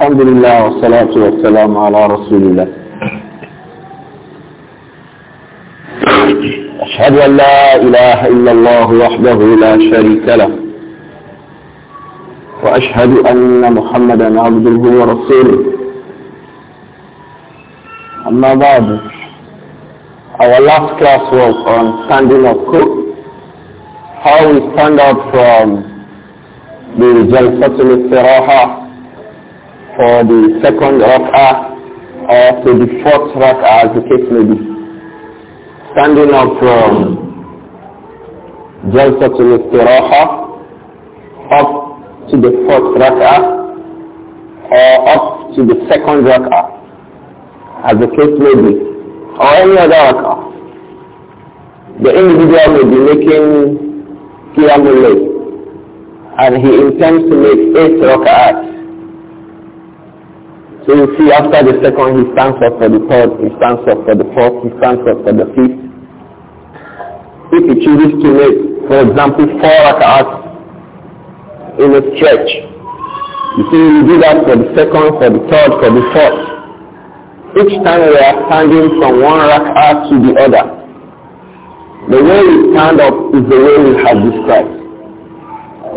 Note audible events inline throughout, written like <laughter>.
الحمد لله والصلاة والسلام على رسول الله أشهد أن لا إله إلا الله وحده لا شريك له وأشهد أن محمدا عبده ورسوله أما بعد Our last class was on standing up cook, how we stand up from the Jalsatul Istiraha for the second raka, or to the fourth raka, as the case may be. Standing up from to الاستراحة up to the fourth raka, or up to the second raka, as the case may be or any other raka. The individual may be making qiyamul and he intends to make eight rak'ahs so you see after the second, he stands up for the third, he stands up for the fourth, he stands up for the fifth. If he chooses to make, for example, four rak'ahs in a stretch, you see you do that for the second, for the third, for the fourth. Each time we are standing from one rak'ah to the other. The way we stand up is the way we have described.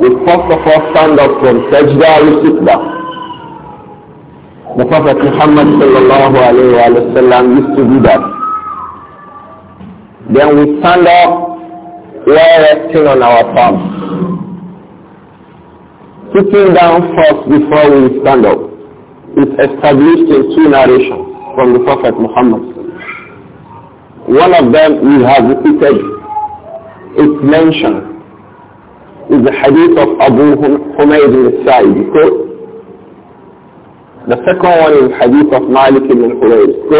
We first of all stand up from sajda to sit the Prophet Muhammad sallallahu alayhi wa, sallam used to do that. Then we stand up while resting on our palms. Sitting down first before we stand up is established in two narrations from the Prophet Muhammad. One of them we have repeated, it's mentioned, is the hadith of Abu Humayd al-Sa'id. The second one is hadith of Malik ibn Hulayl. So,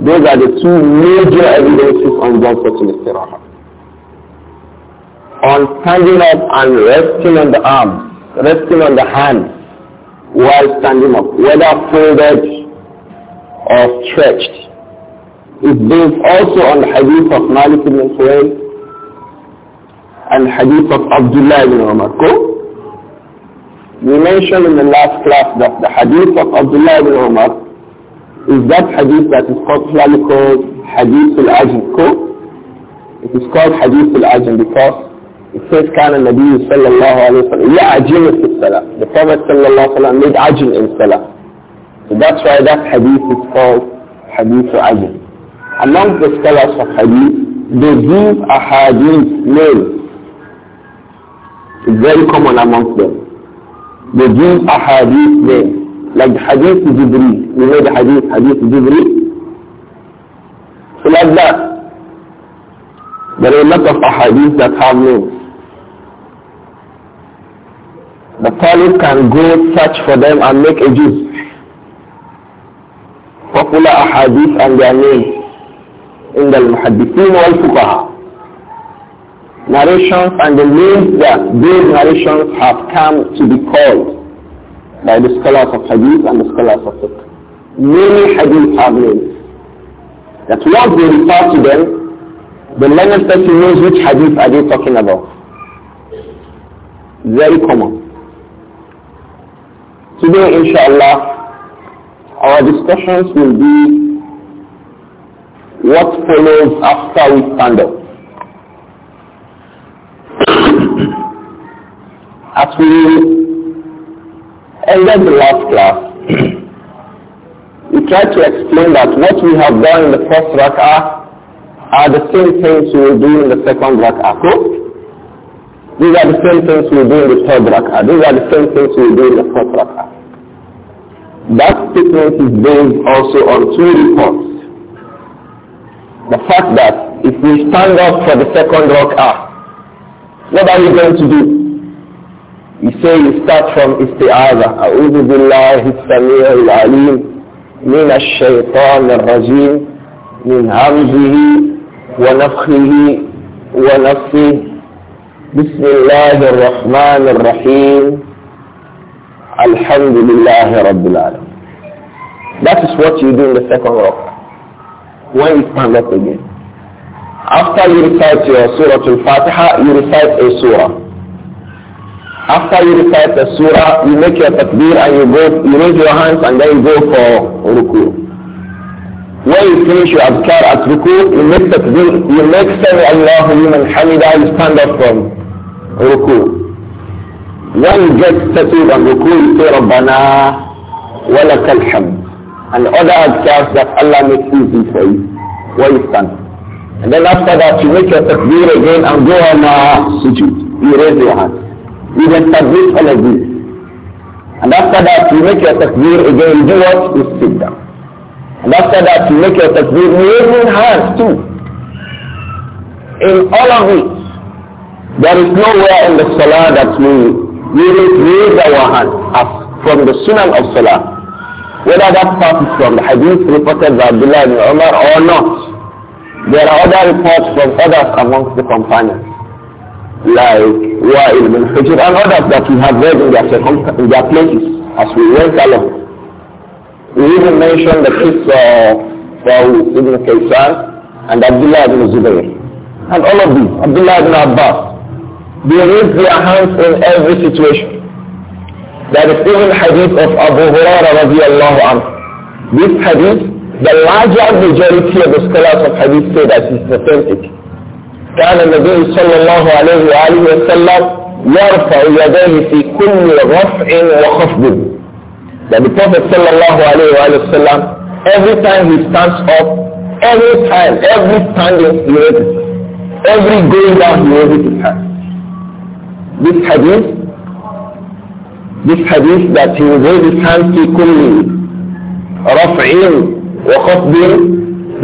those are the two major evidences on Jalsatul Istiraha. On standing up and resting on the arms, resting on the hands while standing up, whether folded or stretched. It's based also on the hadith of Malik ibn Hulayl and hadith of Abdullah ibn Umar. Go. We mentioned in the last class that the hadith of Abdullah ibn Umar is that hadith that is popularly called Hadith al-Ajm. It is called Hadith al-Ajm because it says كان النبي صلى الله عليه وسلم يعجم في الصلاة. The Prophet صلى الله عليه وسلم made ajm in salah. So that's why that hadith is called Hadith al-Ajm. Among the scholars of hadith, they give a hadith name. It's very common amongst them. They give a hadith there. Like the hadith to Jibreel. You know the hadith, hadith to Jibreel? So like that. There are a lot of ahadith that have names. The Talib can go search for them and make a juice. Popular ahadith and their names in the Muhaddithin wal Fuqaha. narrations and the names that those narrations have come to be called by the scholars of hadith and the scholars of fiqh. Many hadith have names. That once they refer to them, the learned person knows which hadith are they talking about. Very common. Today, inshallah, our discussions will be what follows after we stand up. As we ended the last class, we tried to explain that what we have done in the first rak'ah are the same things we will do in the second rak'ah. These are the same things we will do in the third rak'ah. These are the same things we will do in the fourth rak'ah. That statement is based also on two reports. The fact that if we stand up for the second rak'ah, what are we going to do? You say you start from isti'aza. أعوذ بالله السميع العليم من الشيطان الرجيم من همزه ونفخه ونفخه بسم الله الرحمن الرحيم الحمد لله رب العالمين That is what you do in the second rock. When you stand up again. After you recite your Surah Al-Fatiha, you recite a Surah. After you recite the surah, you make your takbir and you go, you raise your hands and then you go for ruku. When you finish your adhkar at ruku, you make takbir, you make say Allahu liman hamida, you stand up from ruku. When you get settled on ruku, you say Rabbana walakal hamd. And other adhkars that Allah makes easy for you, When you stand. And then after that, you make your takbir again and go on uh, sujood. You raise your hands. You establish all of this. And after that, you make your takbir again. do what? You sit down. And after that, you make your takbir raising hands too. In all of it, there is nowhere in the salah that we really raise our hand from the sunnah of salah. Whether that part is from the hadith reported by Abdullah ibn Umar or not. There are other reports from others amongst the companions like Wa'il bin Hujr and others that we have read in their, in their places as we went along. We even mentioned the case of uh, Ibn Kaysan and Abdullah ibn Zubayr. And all of these, Abdullah ibn Abbas, they raised their hands in every situation. That is even hadith of Abu Hurairah radiallahu anhu. This hadith, the larger majority of the scholars of hadith say that it's authentic. كان النبي صلى الله عليه وآله وسلم يرفع يديه في كل رفع وخفض the Prophet صلى الله عليه وآله وسلم every time he stands up every time every standing he raises every going down he raises his hand this hadith this hadith that he will raise his hand في كل رفع وخفض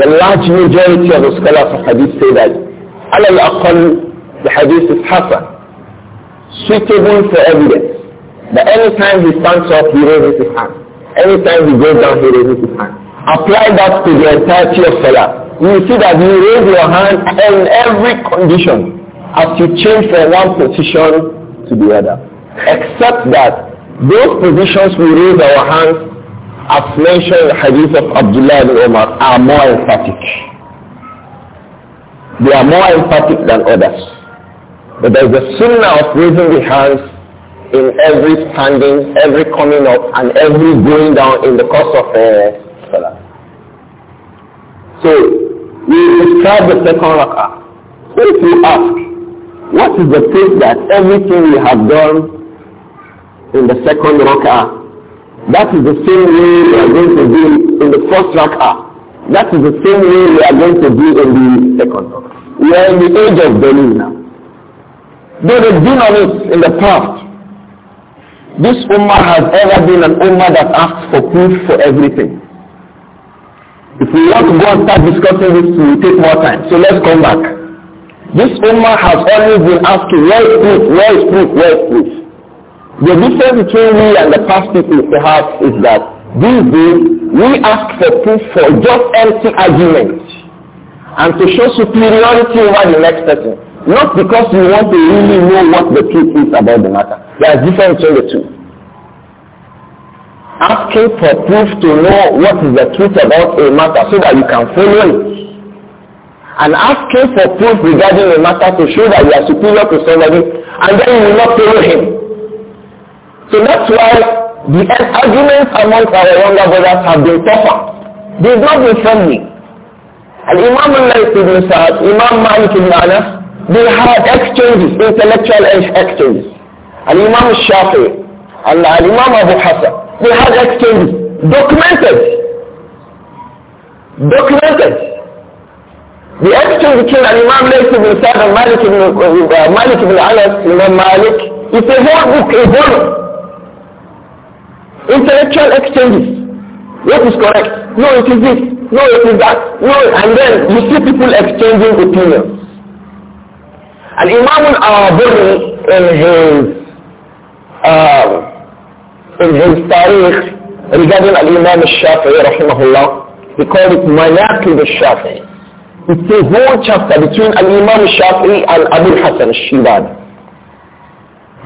the large majority of the scholars of hadith say that على الأقل the hadith is suitable for evidence that anytime he stands up he raises his hand anytime he goes down he raises his hand apply that to the entirety of Salah you see that you raise your hand in every condition as you change from one position to the other except that those positions we raise our hands as mentioned in the hadith of Abdullah ibn Umar are more emphatic they are more empathic than others. But there is a sunnah of raising the hands in every standing, every coming up, and every going down in the course of a uh, salah. So, we describe the second rak'ah. So if you ask, what is the proof that everything we have done in the second rak'ah, that is the same way we are going to do in the first rak'ah. That is the same way we are going to be in the second. We are in the age of belief now. There has been on it in the past. This ummah has ever been an ummah that asks for proof for everything. If we want to go and start discussing this, we will take more time. So let's come back. This ummah has always been asking, where is proof, where is proof, where is proof? The difference between me and the past people perhaps is that These days, we ask for proof for just empty argument and to show superiority over the next person. Not because you want to really know what the truth is about the matter. There is difference between the two. Asking for proof to know what is the truth about a matter so that you can follow it. And asking for proof regarding a matter to show that you are superior to somebody and then you will not follow him. So that's why The arguments amongst our younger brothers have been tougher. They've not been friendly. And Imam al-Layth ibn Sa'ad, Imam Malik ibn Anas, they had exchanges, intellectual exchanges. And Imam Shafi and Imam Abu Hassan, they had exchanges, documented. Documented. The exchange between Imam Malik ibn Sa'ad and Malik ibn, uh, Malik ibn Anas, Imam Malik, it's a whole book, a volume intellectual exchanges. What is correct? No, it is this. No, it is that. No, and then you see people exchanging opinions. And Imam al-Aburi in his um, in his tariq regarding al-Imam al-Shafi'i rahimahullah, he called it Manaqib al-Shafi'i. It's a whole chapter between al-Imam al-Shafi'i and Abu Hassan al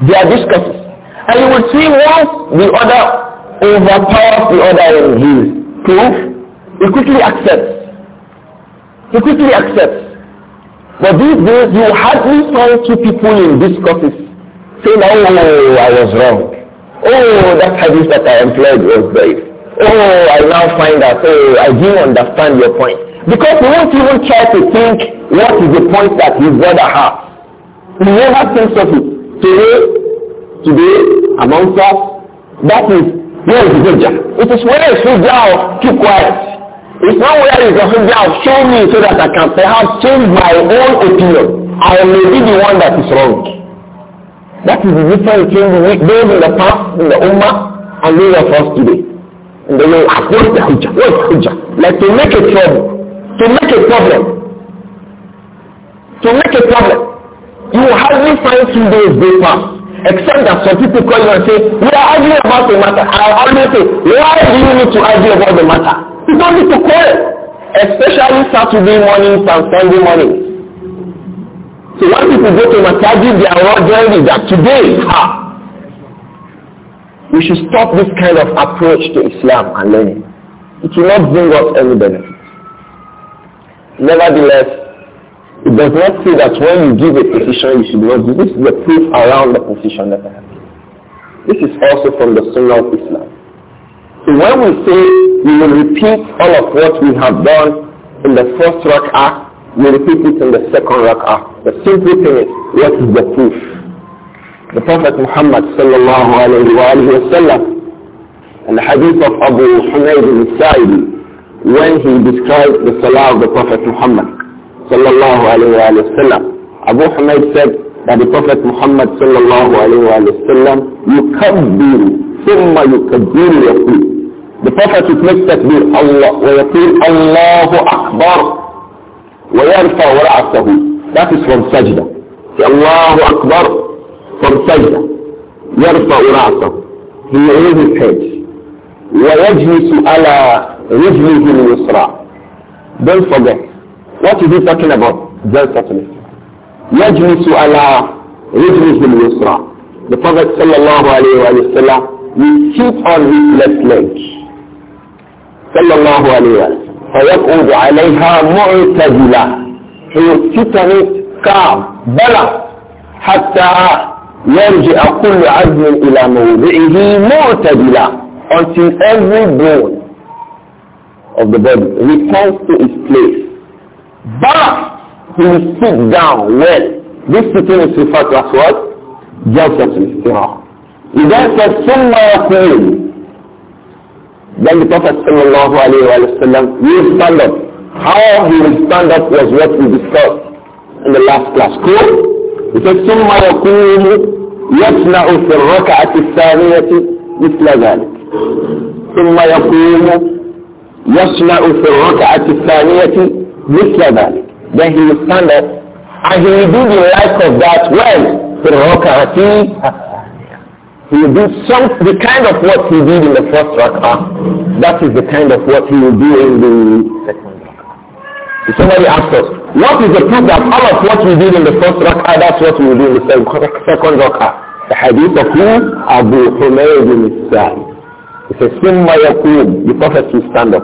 They are discussing. And you will see once the other overpowers the other in his proof, he quickly accepts. He quickly accepts. But these days, you hardly find two people in discourses saying, oh, I was wrong. Oh, that hadith that I employed was great. Oh, I now find out. oh, I didn't understand your point. Because he won't even try to think what is the point that his brother has. He never thinks of it. Today, today, amongst us, that is Where is the danger? It is where is hujjah of keep quiet. It's not where is the hujjah show me so that I can perhaps change my own opinion. I may be the one that is wrong. That is the difference between those in the past, in the ummah, and those of us today. And they will ask, what the hujjah? What is the hujjah? Like to make a trouble, to make a problem, to make a problem. You hardly find two days they pass except that some people call you and say, we are arguing about the matter. I always say, why do you need to argue about the matter? You don't need to call, especially Saturday mornings and Sunday mornings. So when people go to Masajid, they are not joining that today, ha, we should stop this kind of approach to Islam and learning. It will not bring us any benefit. Nevertheless, It does not say that when you give a position, you should not do this. is the proof around the position that I have. This is also from the Sunnah of Islam. So when we say we will repeat all of what we have done in the first rak'ah, we repeat it in the second rak'ah. The simple thing is, what is the proof? The Prophet Muhammad sallallahu alayhi wa alayhi wa sallam, and the hadith of Abu Humayd al-Sa'idi, when he described the salah of the Prophet Muhammad sallallahu alayhi wa sallam. Abu Hamid said that the Prophet Muhammad sallallahu alayhi wa sallam, يكبر ثم يكبر يقول. The Prophet would make takbir Allah ويقول الله أكبر ويرفع رأسه. That is from sajda. الله أكبر from sajda. يرفع رأسه. He raises his head. ويجلس على رجله اليسرى. Don't forget. What is he talking about? Very certainly. يجلس على رجله اليسرى. The Prophet sallallahu alayhi wa sallam will sit on his left leg. Sallallahu alayhi wa sallam. فيقعد عليها معتدلا. He will sit on it calm, balanced, حتى يرجع كل عظم إلى موضعه معتدلا until every bone of the body returns to its place. But he will sit down well. This sitting is referred to as what? Jalsat al He then said, Summa Then the Prophet sallallahu alayhi wa sallam will stand up. How he will stand up was what we discussed in the last class. Cool? He said, ثم يقول يصنع في الركعة الثانية مثل ذلك ثم يقول يصنع في الركعة الثانية مثل that. then he will stand up and he will do the like of that when the rocker, he will do some the kind of what he did in the first rak'ah that is the kind of what he will do in the second rak'ah somebody asked us what is the proof that all of what we did in the first rak'ah that's what we will do in the second rak'ah the hadith of who? Abu Humayd bin Sa'id. He says, Summa Yaqub. The Prophet will stand up.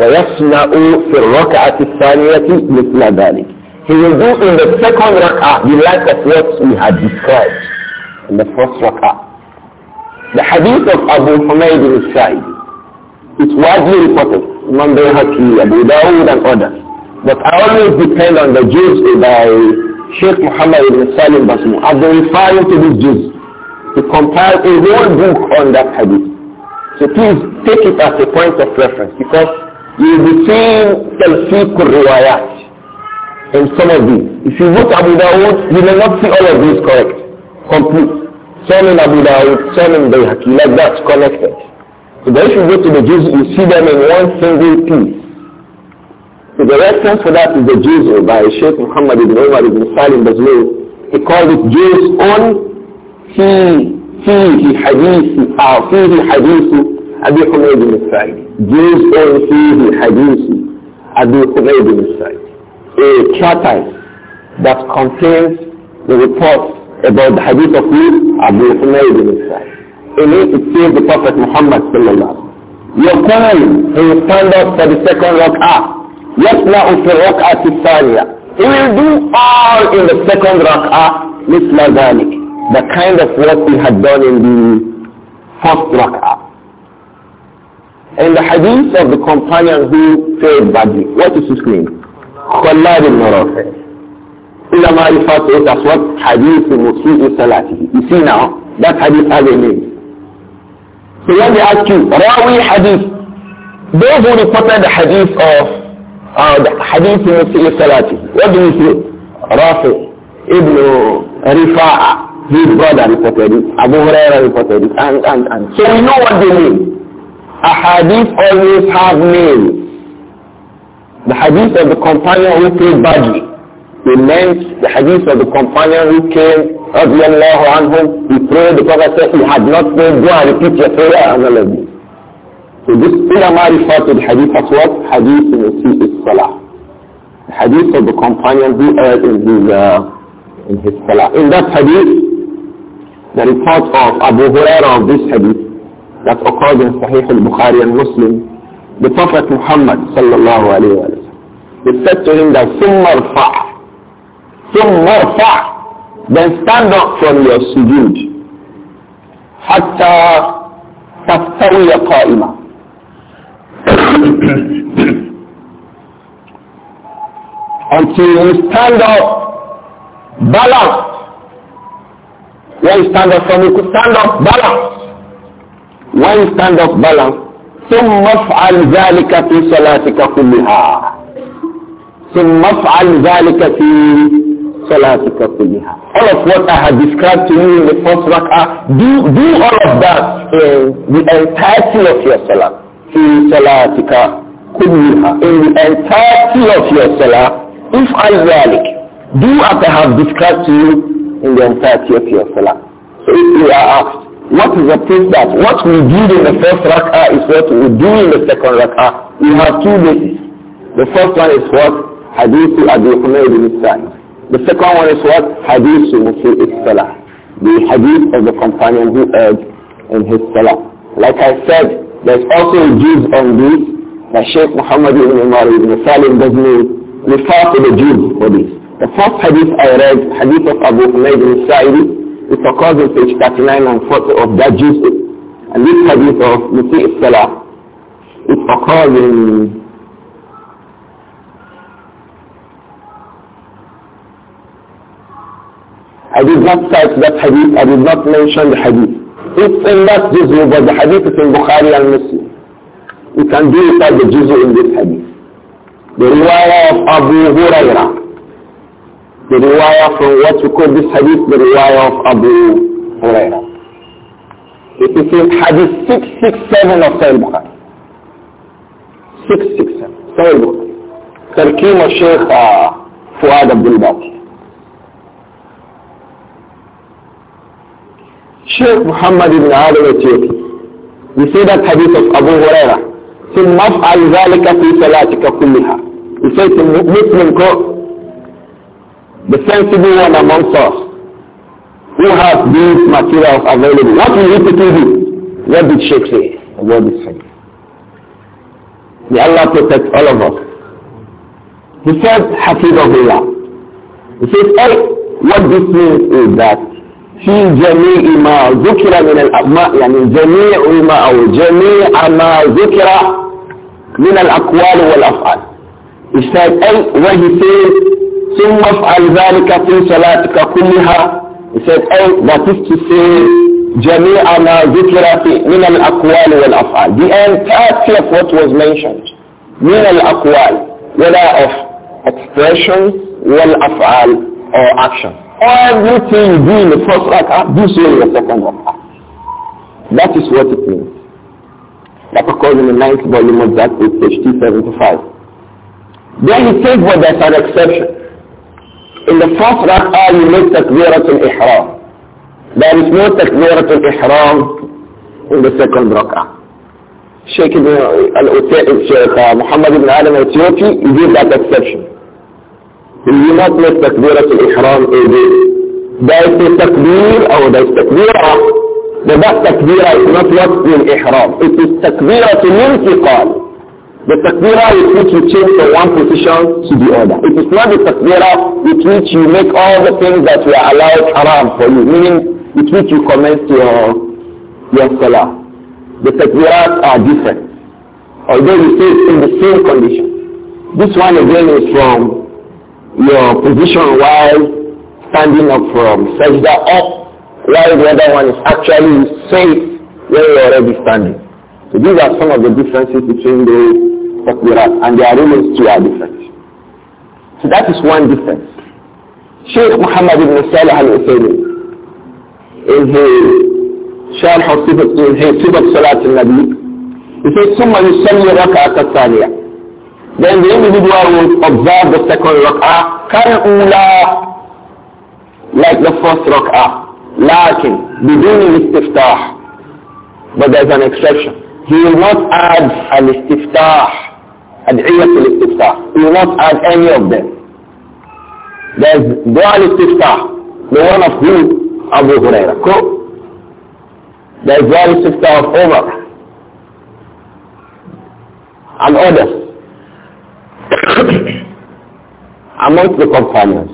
ويصنع في الركعة الثانية مثل ذلك He will do in the second rak'ah the like of what we had described in the first rak'ah. The hadith of Abu Humayd al Sa'id is widely reported, Imam Bayhaqi, Abu Dawud and others. But I always depend on the Jews by Sheikh Muhammad ibn Salim Basmu. I've been referring to these Jews to compile a whole book on that hadith. So please take it as a point of reference because You'll be seeing Talfiq riwayat in some of these. If you look at Abu Dawud, you may not see all of these correct, complete. Some in Abu Dawud, some in Bayhaqi, like that's connected. So then if you go to the Jews, you see them in one single piece. So the reference for that is the Jews by Sheikh Muhammad ibn Umar ibn Salim Bazlou. He called it Jews on fi, fihi hadithi, ah, fihi hadithi أبي حميد بن سعيد جزء فيه حديث أبي حميد بن سعيد a treatise that contains the reports about the hadith of me. Abu Humayd bin Sa'id. In it, it says the Prophet Muhammad sallallahu alayhi Your time, he will stand up for the second rak'ah. يَسْمَعُ فِي الرَّكْعَةِ الثَّانِيَةِ He will do all in the second rak'ah, misla ذَلِكَ The kind of work he had done in the first rak'ah. In the hadith of the companion who failed badly, what is his name? Khalad ibn Rafi. Ulama refer to what? Hadith Musi'i Salatihi. You see now, that hadith has a name. So let me ask you, Rawi hadith, those who reported the hadith of uh, the hadith Musi'i Salati. what do you say? Rafi ibn Rifa'a, his brother reported it, Abu Huraira reported it, and, and, and. So we know what they mean. A hadith always have names. The hadith of the companion who came badly. They meant the hadith of the companion who came, radiallahu anhum, he prayed, the Prophet said, he had not prayed, go and repeat your prayer, and all of this. So this ulama refer to the hadith as what? Hadith in the salah. The hadith of the companion who heard in his, uh, in his salah. In that hadith, the report of Abu Hurairah of this hadith, that occurs in Sahih al-Bukhari and Muslim, the Prophet Muhammad sallallahu alayhi wa sallam, he said to him that summa fa' summa fa' then stand up from your sujood حتى تستوي قائمة until you stand up balanced when you stand up from you could stand up balanced one stand up balance ثم افعل ذلك في صلاتك كلها ثم افعل ذلك في صلاتك كلها all of what I have described to you in the first rak'ah do do all of that in the entirety of your salah في صلاتك كلها in the entirety of your salah افعل ذلك do what I have described to you in the entirety of your salah so if you are asked What is the proof that what we did in the first rak'ah is what we do in the second rak'ah? We have two bases. The first one is what? Hadith Abu Humayd ibn Sa'id. The second one is what? Hadith is Salah. The hadith of the companion who erred in his salah. Like I said, there's also a Jews on this that Sheikh Muhammad ibn Umar ibn Salim doesn't refer to the Jews for this. The first hadith I read, hadith of Abu Humayd ibn Sa'id, it occurs in page 39 and 40 of that juice. And this hadith of Musi Salah, it occurs in I did not cite that hadith, I did not mention the hadith. It's in that juzu, but the hadith is in Bukhari and Muslim. You can do without the juzu in this hadith. The riwayah of Abu Hurairah the riwayah from what we call this hadith, the riwayah of Abu Huraira. It is in hadith 667 of Sahih Bukhari. 667. Sahih Bukhari. تركيم الشيخ uh, Fuad Abdul الباقي Sheikh Muhammad ibn Ali al-Ethiopi. We see that hadith of Abu Huraira. ثم افعل ذلك في صلاتك كلها. He say to Muslim, the sensible one amongst us, who has these materials available, what will he to do? What did Sheikh say about this say? May Allah protect all of us. He said, Hafizahullah. He says, hey, what this means is that في جميع ما ذكر من الأبماء يعني جميع ما أو جميع ما ذكر من الأقوال والأفعال. He said, أي وهي says, ثم افعل ذلك في صلاتك كلها he said oh that is to say جميع ما ذكر في من الأقوال والأفعال the entirety of what was mentioned من الأقوال whether of expressions والأفعال or action everything you do in the first rak'ah do so in the second rak'ah that is what it means That according in the ninth volume of that page 275 then he says but well, there's an exception in the first rak'ah you make takbiratul ihram. There is no takbiratul ihram in the second rak'ah. Sheikh Ibn al-Utayb, Sheikh uh, Muhammad Ibn Adam al-Ethiopi, he gave that exception. He did not make takbiratul ihram again. There is no takbir or there is takbirah. The that takbirah is not what's in ihram. It is takbiratul intiqal. The takbirah with which you change from one position to the other. It is not the takbirah with which you make all the things that were allowed haram for you, meaning with which you commence your, your salah. The takbirahs are different, although you say it's in the same condition. This one again is from your position while standing up from sajda up, while the other one is actually safe when you're already standing. So these are some of the differences between the takbirat and the arrangements two are different. So that is one difference. Sheikh Muhammad ibn Salih al-Uthaymi in his Sharh in شرح صفة هي صفة صلاة النبي يقول ثم يصلي ركعة الثانية then the individual will observe the second rak'ah كالأولى like the first rak'ah لكن بدون الاستفتاح but there's an exception he will not add al-istiftah, ad'iyat al-istiftah. He will not add any of them. There's dua al-istiftah, the one of who? Abu Huraira. Cool. There's dua al-istiftah of Umar and others <coughs> amongst the companions.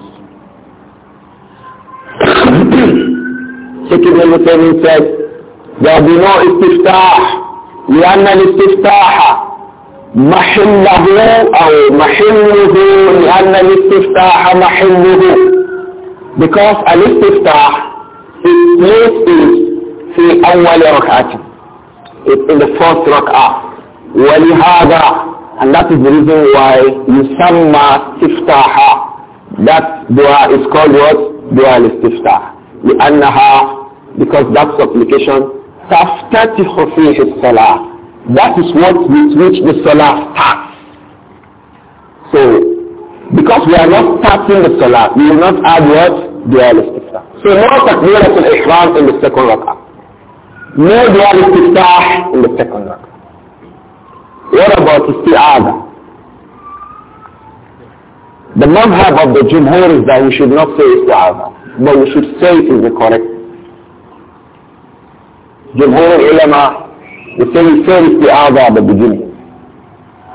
Sheikh Ibn Muslim said, there will be no istiftah لأن الاستفتاح محله أو محله لأن الاستفتاح محله because الاستفتاح it places في أول ركعة it in the first ركعة ولهذا and that is the reason why يسمى استفتاحا that dua is called what? dua al-istiftah لأنها because that supplication تَفْتَتِحُ فِيهِ الصَّلَاةِ That is what with which the salah starts. So, because we are not starting the salah, we will not add what? Dual istiftah. So no takbirat al-ihram in the second rak'ah. No dual istiftah in the second rak'ah. What about isti'adah? The madhab of the Jumhur is that we should not say isti'adah, but we should say in the correct Jumhur ulama, they say is said isti'adha at the beginning.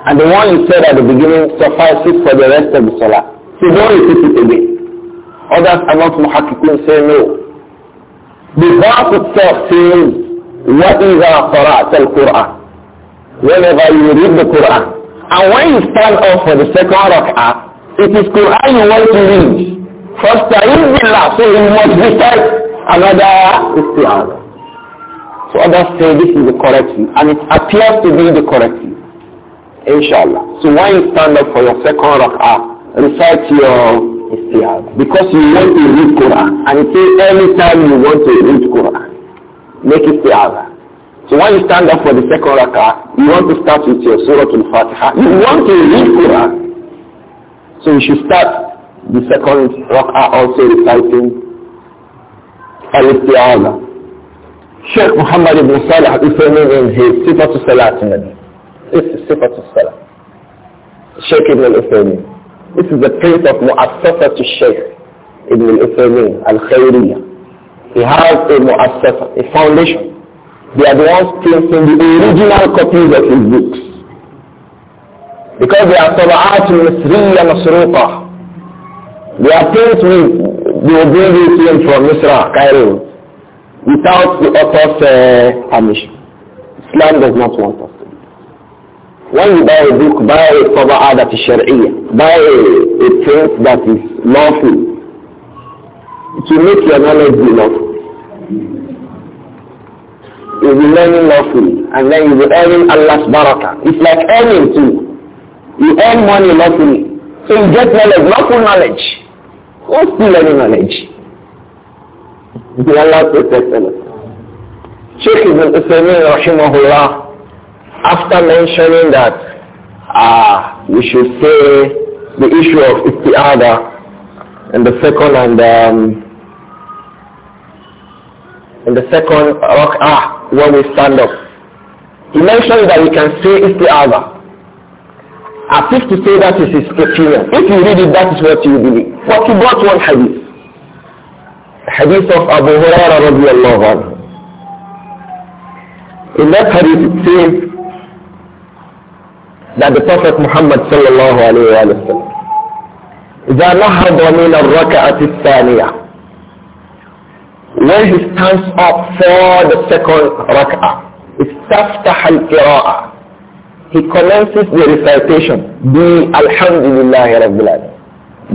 And the one he said at the beginning suffices for the rest of the salah. So don't repeat it again. Others amongst muhakkikun say no. The verse itself says, وَإِذَا قَرَأْتَ الْقُرْآنِ Whenever you read the Quran. And when you stand up for the second rak'ah, it is Quran you want to read. First time, so you must recite another isti'adha. So others say this is the correct view, and it appears to be the correct view. Inshallah. So when you stand up for your second rak'ah, recite your istihad. Because you want to read Quran, and it says every time you want to read Quran, make istihad. So when you stand up for the second rak'ah, you want to start with your Surah Al-Fatiha. You want to read Quran. So you should start the second rak'ah also reciting al-istihad. Sheikh Muhammad ibn Salah Al-Uthaymin in his Sifatu Salat This is Sifatu salat Sheikh ibn Al-Uthaymin. This is the place of Mu'assasa to Sheikh ibn Al-Uthaymin, Al-Khairiyah. He has a Mu'assasa, a foundation. They are the ones printing the original copies of his books. Because they are Taba'at Misriya Masruqa. They are prints with, the will bring you from Misra, Cairo, without the author's uh, permission. Islam does not want us to do When you buy a book, buy a taba'a that is shari'iyah. Buy a, a print that is lawful. It will make your knowledge be lawful. You'll be learning lawfully. And then you'll be earning Allah's barakah. It's like earning too. You earn money lawfully. So you get knowledge, lawful knowledge. What's still learning knowledge? May Allah protect Sheikh Ibn Uthaymeen rahimahullah, after mentioning that we should say the issue of istiada and the second and um, in the second rak'ah when we stand up. He mentioned that we can say isti'ada. As if to say that is his opinion. If you read it, that is what you believe. But he brought one hadith hadith of Abu Hurairah radiallahu anhu. In that hadith it says that the Prophet Muhammad sallallahu alayhi wa sallam إذا نهض من الركعة الثانية when he stands up for the second rak'ah استفتح القراءة he commences the recitation bi alhamdulillah rabbil alamin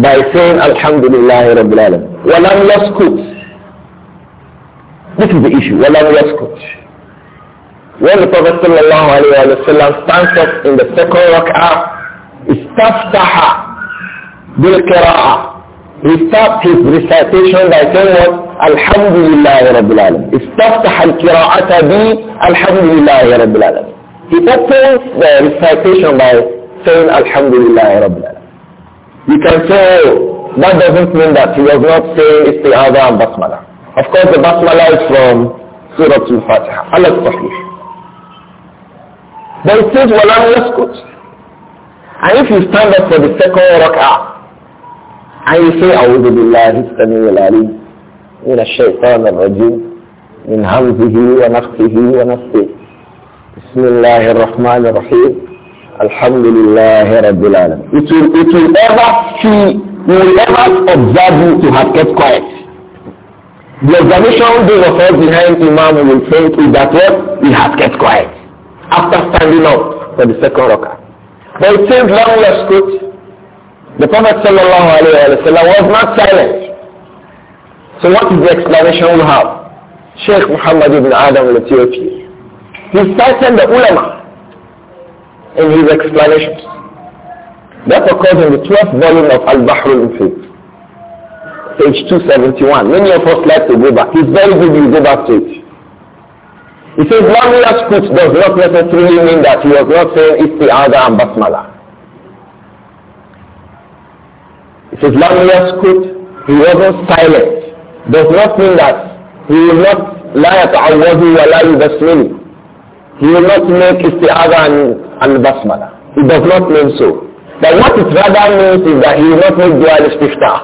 by saying Alhamdulillah Rabbil Alam. Walam yaskut. This is the issue. Walam yaskut. When the Prophet sallallahu alayhi wa sallam stands up in the second rak'ah, istaftaha bil qira'ah. He starts his recitation by saying what? الحمد لله رب العالمين استفتح القراءة ب He opens the recitation by saying الحمد لله رب You can say, that doesn't mean that he was not saying Isti'adha and Basmala. Of course, the Basmala is from Surah Al-Fatiha. Allah Sahih. But it says, وَلَا يَسْكُتْ And if you stand up for the second rak'ah, and you say, أعوذ بالله السميع العليم من الشيطان الرجيم من همزه ونفخه ونفخه بسم الله الرحمن الرحيم Alhamdulillah Rabbil It will, it will ever see, you will ever observe you to have kept quiet. The observation being of us behind Imam will think is that what? He has kept quiet. After standing up for the second rakah. But it seems long was The Prophet sallallahu alayhi wa sallam was not silent. So what is the explanation we have? Sheikh Muhammad ibn Adam al-Ethiopi. He cited the ulama in his explanations. That occurs in the 12th volume of Al-Bahr al-Mufid, page 271. Many of us like to go back. It's very good you go back to it. He says, Mamila's speech does not necessarily mean that he was not saying Isti'ada and Basmala. He says, Mamila's speech, he wasn't silent. Does not mean that he will not لا يتعوذ ولا يبسمل. He will not make isti'ada and and basmala. It does not mean so. But what it rather means is that he will not make dualist istiftah.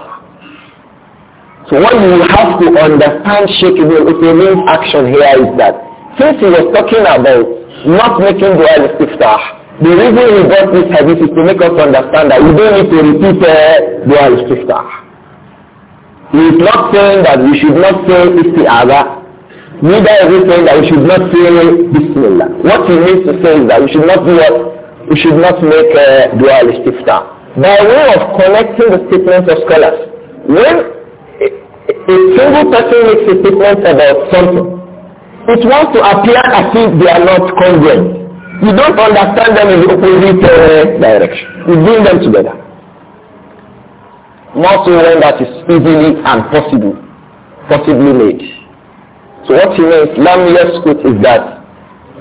So what you have to understand Sheikh Ibn Uthaymeen's action here is that since he was talking about not making dualist istiftah, the reason he brought this hadith is to make us understand that we don't need to repeat uh, dualist istiftah. He is not saying that we should not say istiaga Neither is it saying that we should not say Bismillah. What he means to say is that we should not do what? We should not make a uh, dua al By way of connecting the statements of scholars, when a, single person makes a statement about something, it wants to appear as if they are not congruent. You don't understand them in the opposite uh, direction. You bring them together. Not so when that is easily and possible, possibly made. So what he means, lam yaskut is that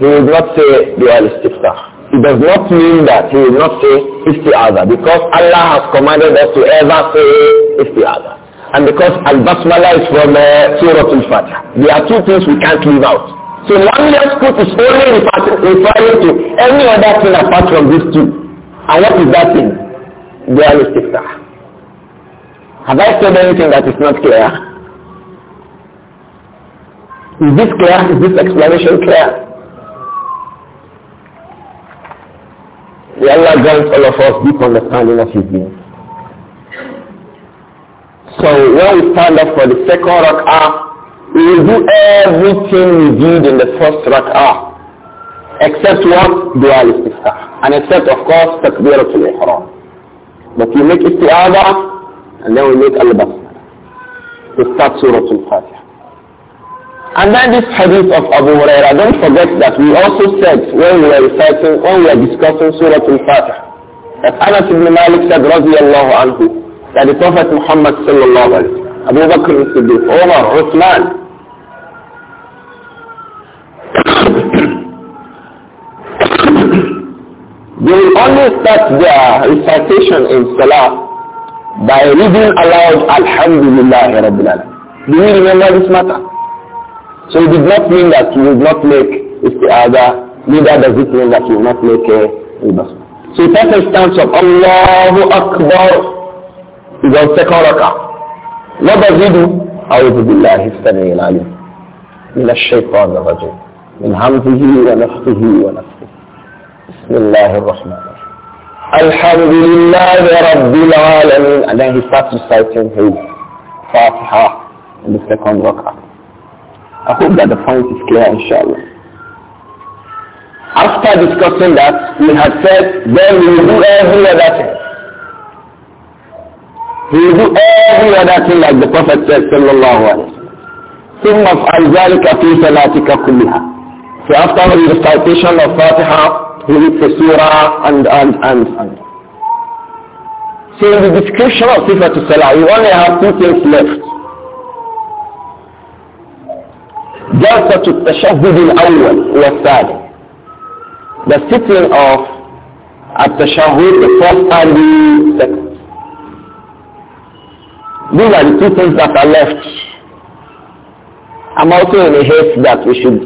he will not say al istiftah. It does not mean that he will not say isti'aza because Allah has commanded us to ever say isti'aza. And because al-basmala is from uh, Surah al-Fatiha. There are two things we can't leave out. So lam yaskut is only referring to any other thing apart from these two. And what is that thing? al istiftah. Have I said anything that is not clear? Is this clear? Is this explanation clear? May Allah grant all of us deep understanding of His deen. So when we stand up for the second rak'ah, we will do everything we did in the first rak'ah. Except one Dua al-istiftah. And except of course, takbiratul ihram. But we make isti'adah, and then we make al-basmala. We start surah al-fatiha. And then this hadith of Abu Huraira, don't forget that we also said when we were reciting, when we were discussing Surah Al-Fatih, that Anas ibn Malik said, radiallahu anhu, that the Prophet Muhammad sallallahu alayhi wa Abu Bakr al-Siddiq, Omar, Uthman, <coughs> they will only start their recitation in Salah by reading aloud, Alhamdulillah Rabbil Alam. Do you remember this matter? So it did not mean that you will not make istiada, neither does it mean that you will not make a riba. So the person stands of Allahu Akbar, is on second rakah. What does he do? أعوذ بالله السميع العليم من الشيطان الرجيم من همزه ونفسه ونفسه بسم الله الرحمن الرحيم الحمد لله رب العالمين and then he starts reciting his Fatiha in the second rakah I hope that the point is clear, inshallah. After discussing that, we had said, then we will do every other thing. We will do every other thing like the Prophet said, sallallahu alayhi wa sallam. ثم افعل ذلك في كلها. So after the recitation of Fatiha, he reads the surah and, and, and, and. So in the description of Sifatul Salah, we only have two things left. جلسة التشهد الأول والثاني the sitting of التشهد the first and the second these are the two things that are left I'm also in a haste that we should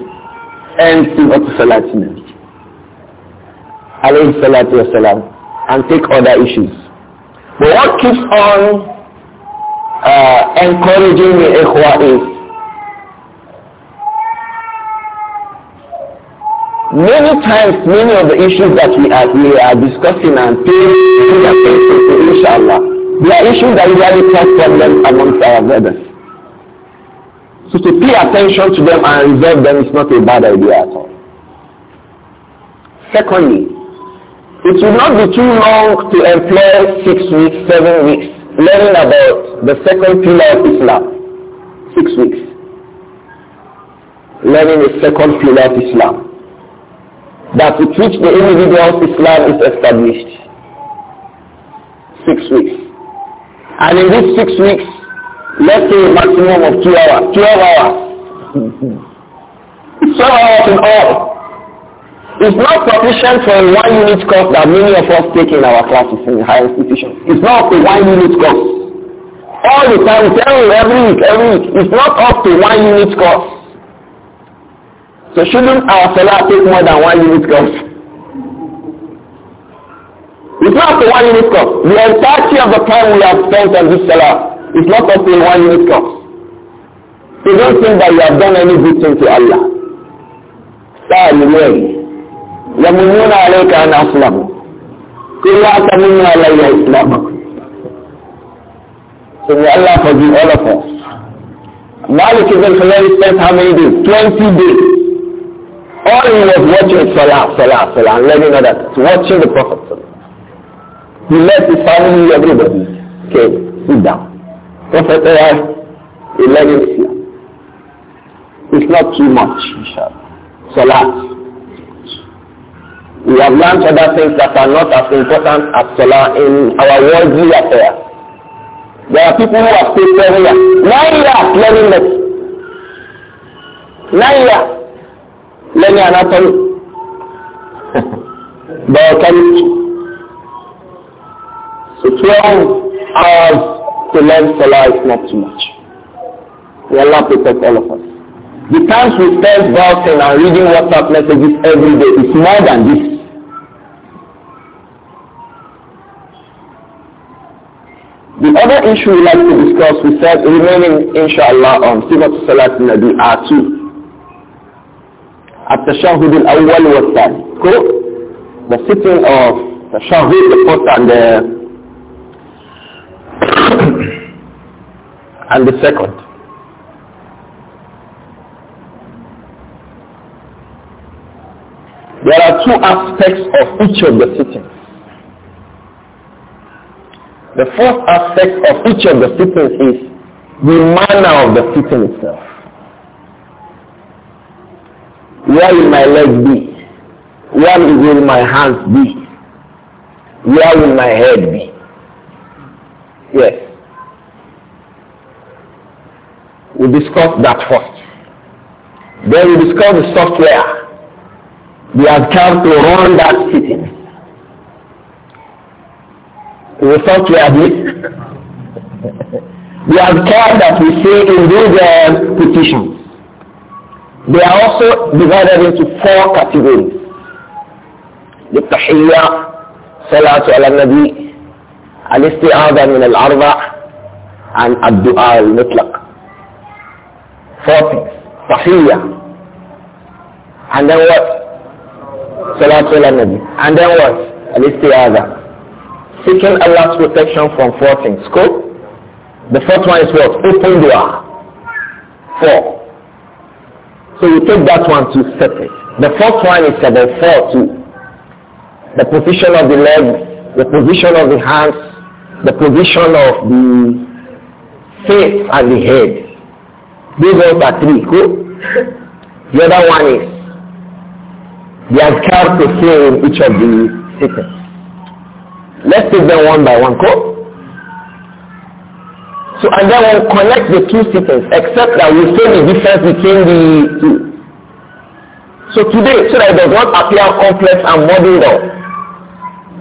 end Sivat Salatina alayhi salatu wasalam and take other issues but what keeps on uh, encouraging the ikhwa is Many times, many of the issues that we are, we are discussing and paying attention to, inshallah, they are issues that usually cause problems amongst our brothers. So to pay attention to them and resolve them is not a bad idea at all. Secondly, it will not be too long to employ six weeks, seven weeks, learning about the second pillar of Islam. Six weeks. Learning the second pillar of Islam that with which the individual Islam is established. Six weeks. And in these six weeks, let's say a maximum of two hours. two hours. two hours in all. It's not sufficient for a one-unit course that many of us take in our classes in higher institutions. It's not a one-unit course. All the time, every week, every week. It's not up to one-unit course. So shouldn't our salah take more than one unit cup? It's not for one unit cup. The entirety of the time we have spent on this salah is not up in one unit cup. So don't think that you have done any good thing to Allah. Sa'al way. يمنون عليك أن أسلموا قل لا تمنوا علي إسلامكم So may Allah forgive all of us. Malik ibn Khalil spent how many days? Twenty days. All he was watching Salah, Salah, Salah, and letting others, watching the Prophet. He let his family, everybody, okay, sit down. Prophet arrived, uh, he let him sit. It's not too much, inshallah. Salah. We have learned other things that are not as important as Salah in our worldly affairs. There are people who have stayed 10 years, Nine years learning medicine. Nine years. lẹ́ni anatomy biochemistry so twelve hours to learn for life, not too much may Allah protect all of us the times we spend browsing and reading WhatsApp messages every day is more than this The other issue we like to discuss, we said remaining, inshallah, on Sivat in the are two. التشهد الأول والثاني correct the sitting of shahid the first and the <coughs> and the second there are two aspects of each of the sittings the first aspect of each of the sittings is the manner of the sitting itself Where will my leg be? Where will my hands be? Where will my head be? Yes. We discuss that first. Then we discuss the software. We have come to run that sitting. The software this. we have come that we say in these uh, petitions. They are also divided into four categories. The tahiyya, salatu ala nabi, al-isti'adha min al-arba' and ad-du'a al-mutlaq. Four things. Tahiyya. And then what? Salatu ala nabi. And then what? Al-isti'adha. Seeking Allah's protection from four things. Cool? The fourth one is what? Open dua. Four. So you take that one two separate. The first one is about four two. The position of the leg, the position of the hands, the position of the face and the head. These ones are three. Cool? The other one is the adhkar to say in each of the sittings. Let's take them one by one. Cool? So and then we'll connect the two systems, except that we say the difference between the two. So today, so that it does not appear complex and muddled up,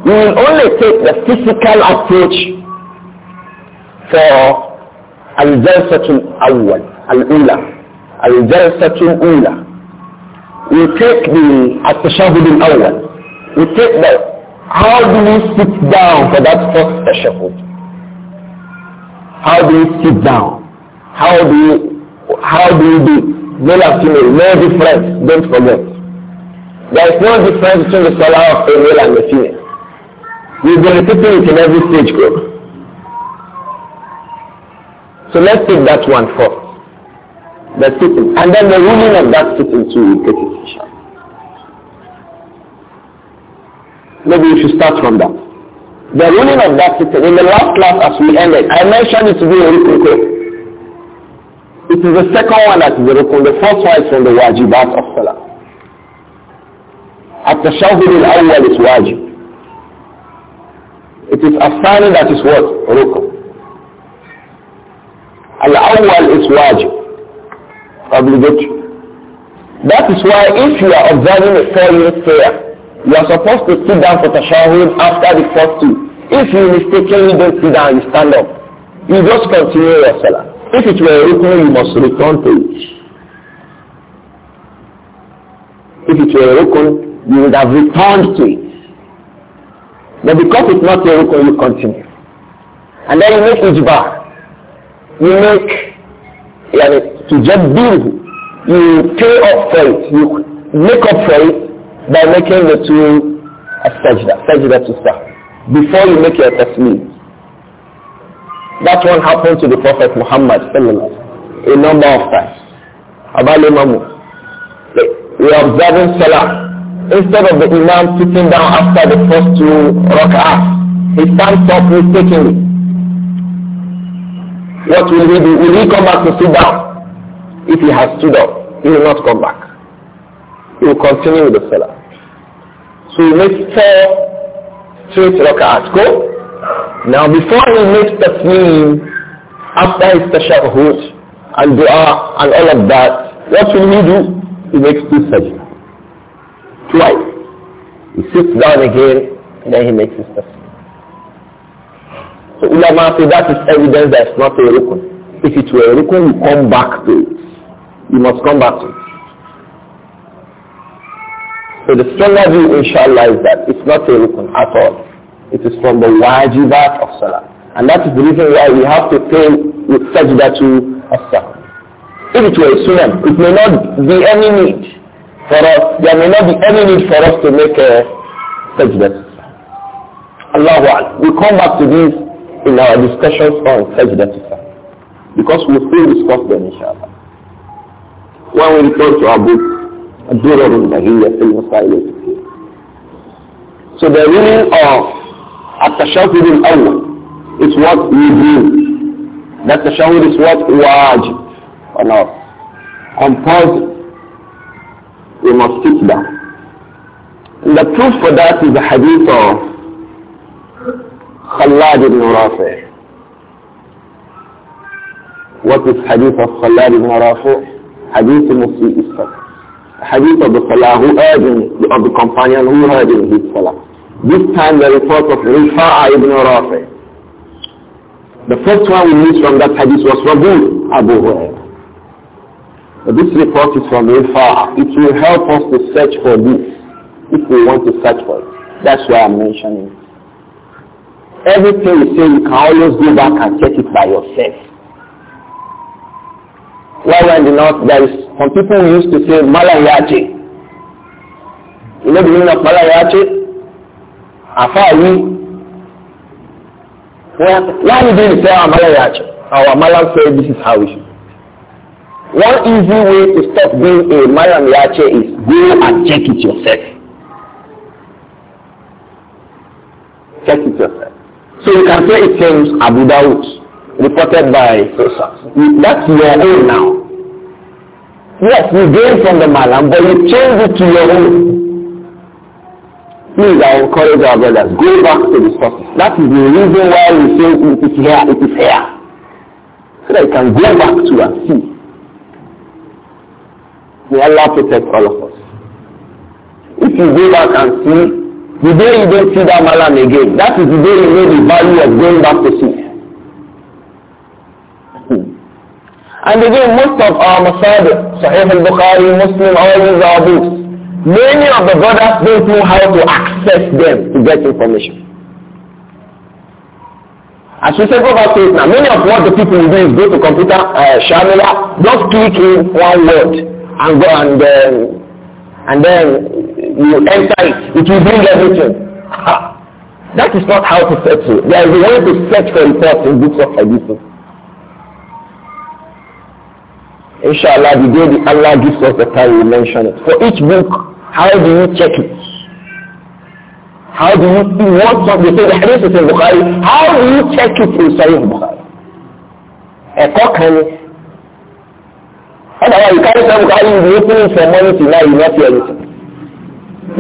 we will only take the physical approach for al-jalsat al-awwal, al-ula, al-jalsat ula We take the at-tashahud al-awwal. We take the, how do we sit down for that first tashahud? How do you sit down? How do you, how do you do? Male and female, no difference. Don't forget. There is no difference between the salah of a male and a female. We've been repeating it in every stage group. So let's take that one first. The sitting. And then the ruling of that sitting too, we take it. Maybe we should start from that. The ruling of that in the last class as we ended, I mentioned it to be a It is the second one that is the The first one is from the wajibat of salah. At the shahud al-awwal is wajib. It is a sign that is what? Rukun. Al-awwal is wajib. Obligatory. That is why if you are observing a 4 year prayer, you are supposed to sit down for tashahud after the first two. If you mistakenly don't sit down, you stand up. You just continue your salah. If it were rukun, you must return to it. If it were rukun, you would have returned to it. But because it's not your rukun, you continue. And then you make ijbah. You make, yani, to jabbil, you pay up for it. You make up for it by making the two a sajda, sajda to start before you make your testimony, That one happened to the Prophet Muhammad a number of times. Abal Imamu. We are observing Salah. Instead of the Imam sitting down after the first two rak'ahs, he stands up mistakenly. What will he do? Will he come back to sit down? If he has stood up, he will not come back. He will continue with the Salah. So he makes four straight rak'at. Go. Now before he makes tasneem, after his tashahhud and dua and all of that, what will he do? He makes two sajda. Twice. He sits down again and then he makes his tasneem. So ulama say that is evidence that it's not a rukun. If it were a rukun, you come back to it. You must come back to it. So the stronger view, inshallah, is that it's not a rukun at all. It is from the wajibat of salah. And that is the reason why we have to pay with sajda to as If it were a sunnah, it may not be any need for us, there may not be any need for us to make a sajda. Allahu Akbar. We come back to this in our discussions on sajda because we still discuss them inshallah. When we return to our book, الدرر المهية في المسائل الفقهية So the meaning of التشهد الأول is what we do. That tashahud is what wajib on us. Compulsory. We must sit down. And the proof for that is the hadith of Khalad ibn Rafi. What is hadith of Khalad ibn Rafi? Hadith Musi Isfaq. hadith of the Salah who heard him, of the companion who heard him his Salah. This time the report of Rifa'a ibn Rafi. The first one we missed from that hadith was Rabu Abu Hurairah. This report is from Rifa'a. It will help us to search for this if we want to search for it. That's why I'm mentioning Everything you say, you can always go back and check it by yourself. Why in the north there is some people who used to say Malayache. You know the meaning of Malayache? Afawi. Why you didn't say Malayache? Our Malam say this is how we should. One easy way to stop being a Malayache is go and check it yourself. Check it yourself. So you can say it says Abu reported by that's your own now yes you gain from the malam but you change it to your own please i encourage our brothers go back to the source that is the reason why we say it is here it is here so that you can go back to and see may allah protect all of us if you go back and see the day you don't see that malam again that is the day you know the value of going back to see And again, most of our uh, masadir, Sahih al-Bukhari, Muslim, all these are books. Many of the brothers don't know how to access them to get information. As we said over now, many of what the people do is go to computer, uh, Shamila, just click in one word and go and then, um, and then you enter it. It will bring everything. <laughs> that is not how to search. There is a way to search for reports in books of hadith. Inshallah, the day Allah gives us the time, we mention it. For each book, how do you check it? How do you see what of the things, hadith is in Bukhari, how do you check it in Sahih Bukhari? Ẹ̀kọ́ kan ni. Otherwise, you carry some Bukhari, you be for money to now, you not see anything.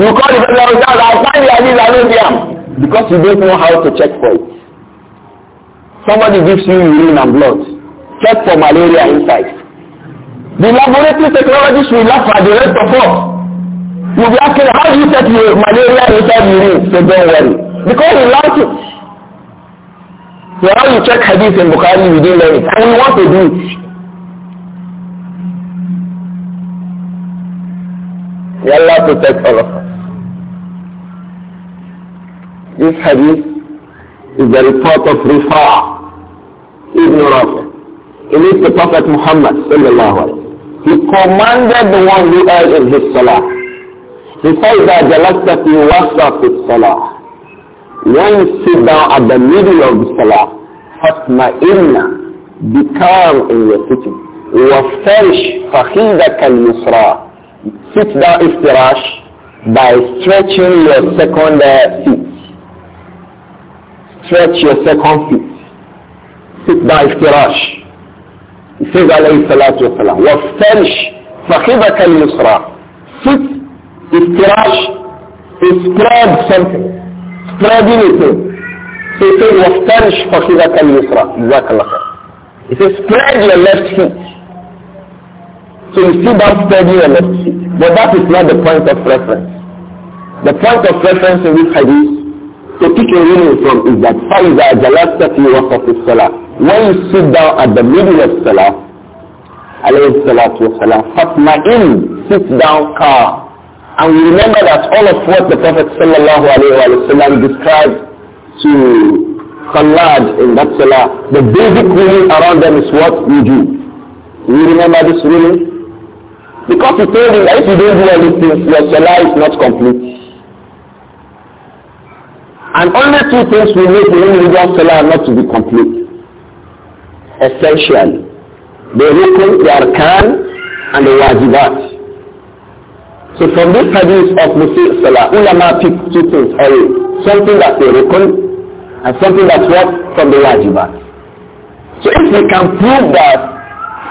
You call the fellow and find you, I need Because you don't know how to check for it. Somebody gives you urine and blood. Check for malaria inside. The laboratory technologies will laugh for the rest of us. You'll be asking, how do you set your malaria inside room?" So don't worry. Because we learned it. So how you check hadith in Bukhari, we didn't learn it. And we want to do it. May Allah protect all of us. This hadith is the report of Rifa' ibn Rafi. It is the Prophet Muhammad sallallahu alayhi wa sallam. He commanded the one who erred in his salah. He says that wash wasa fi salah. When you sit down at the middle of the salah, fatma inna, be calm in your sitting. Wafarish fakhidaka al-yusra. Sit down iftirash by stretching your second uh, feet. Stretch your second feet. Sit down iftirash. He says, alayhi salatu wasalam, وَفْتَرِشْ فَخِذَكَ الْيُسْرَى Sit, istirash, spread something, spread anything. So he says, وَفْتَرِشْ فَخِذَكَ الْيُسْرَى جزاك الله خير. He says, spread your left feet." So you see that spreading your left feet, But that is not the point of reference. The point of reference in this hadith, to pick a meaning from is that فَإِذَا جَلَسْتَ فِي وَسَطِ الصَّلَاةِ when you sit down at the middle of Salah, alayhi salatu wasalam, fatma'in, sit down calm. And we remember that all of what the Prophet sallallahu alayhi wa sallam described to Khalad in that Salah, the basic ruling around them is what we do. We remember this ruling? Because he told him that if you don't do anything, your Salah is not complete. And only two things will make the individual Salah not to be complete essentially. The rukun, the arkan, and the wajibat. So from this hadith of Musi Salah, ulama pick two things away. Something that's they rukun, and something that's what? From the wajibat. So if we can prove that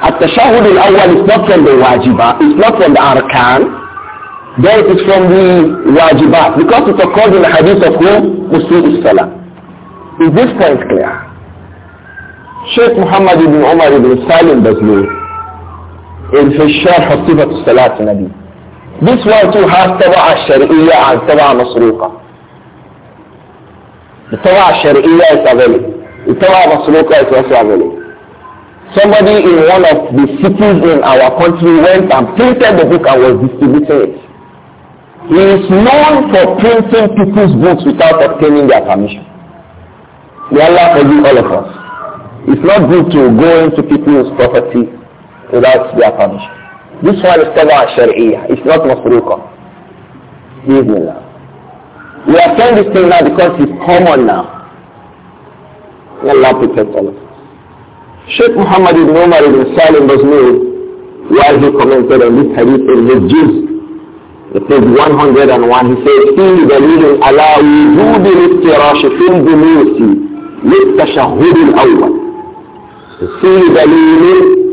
at the shahud al-awwal is not from the wajibat, it's not from the arkan, then it is from the wajibat because it according in the hadith of whom? Muslim Salah. Is this point clear? Sheikh Muhammad ibn Umar ibn Salim Basri, in his Sharh of Sifat Salat Nabi. This one too has Taba'a Shari'iyya and Taba'a Masruqa. The Taba'a Shari'iyya is available. The Taba'a Masruqa is also available. Somebody in one of the cities in our country went and printed the book and was distributing it. He is known for printing people's books without obtaining their permission. May Allah forgive all of us. It's not good to go into people's property without their permission. This one is Taba Sharia. It's not Masruqa. Bismillah. We are saying this thing now because it's common now. Allah protect all of us. Sheikh Muhammad ibn Umar ibn Salim was known while he commented on this hadith in the Jews. It says 101. He says, فيه دليل على وجود الافتراش في الجلوس للتشهد الأول. في دليل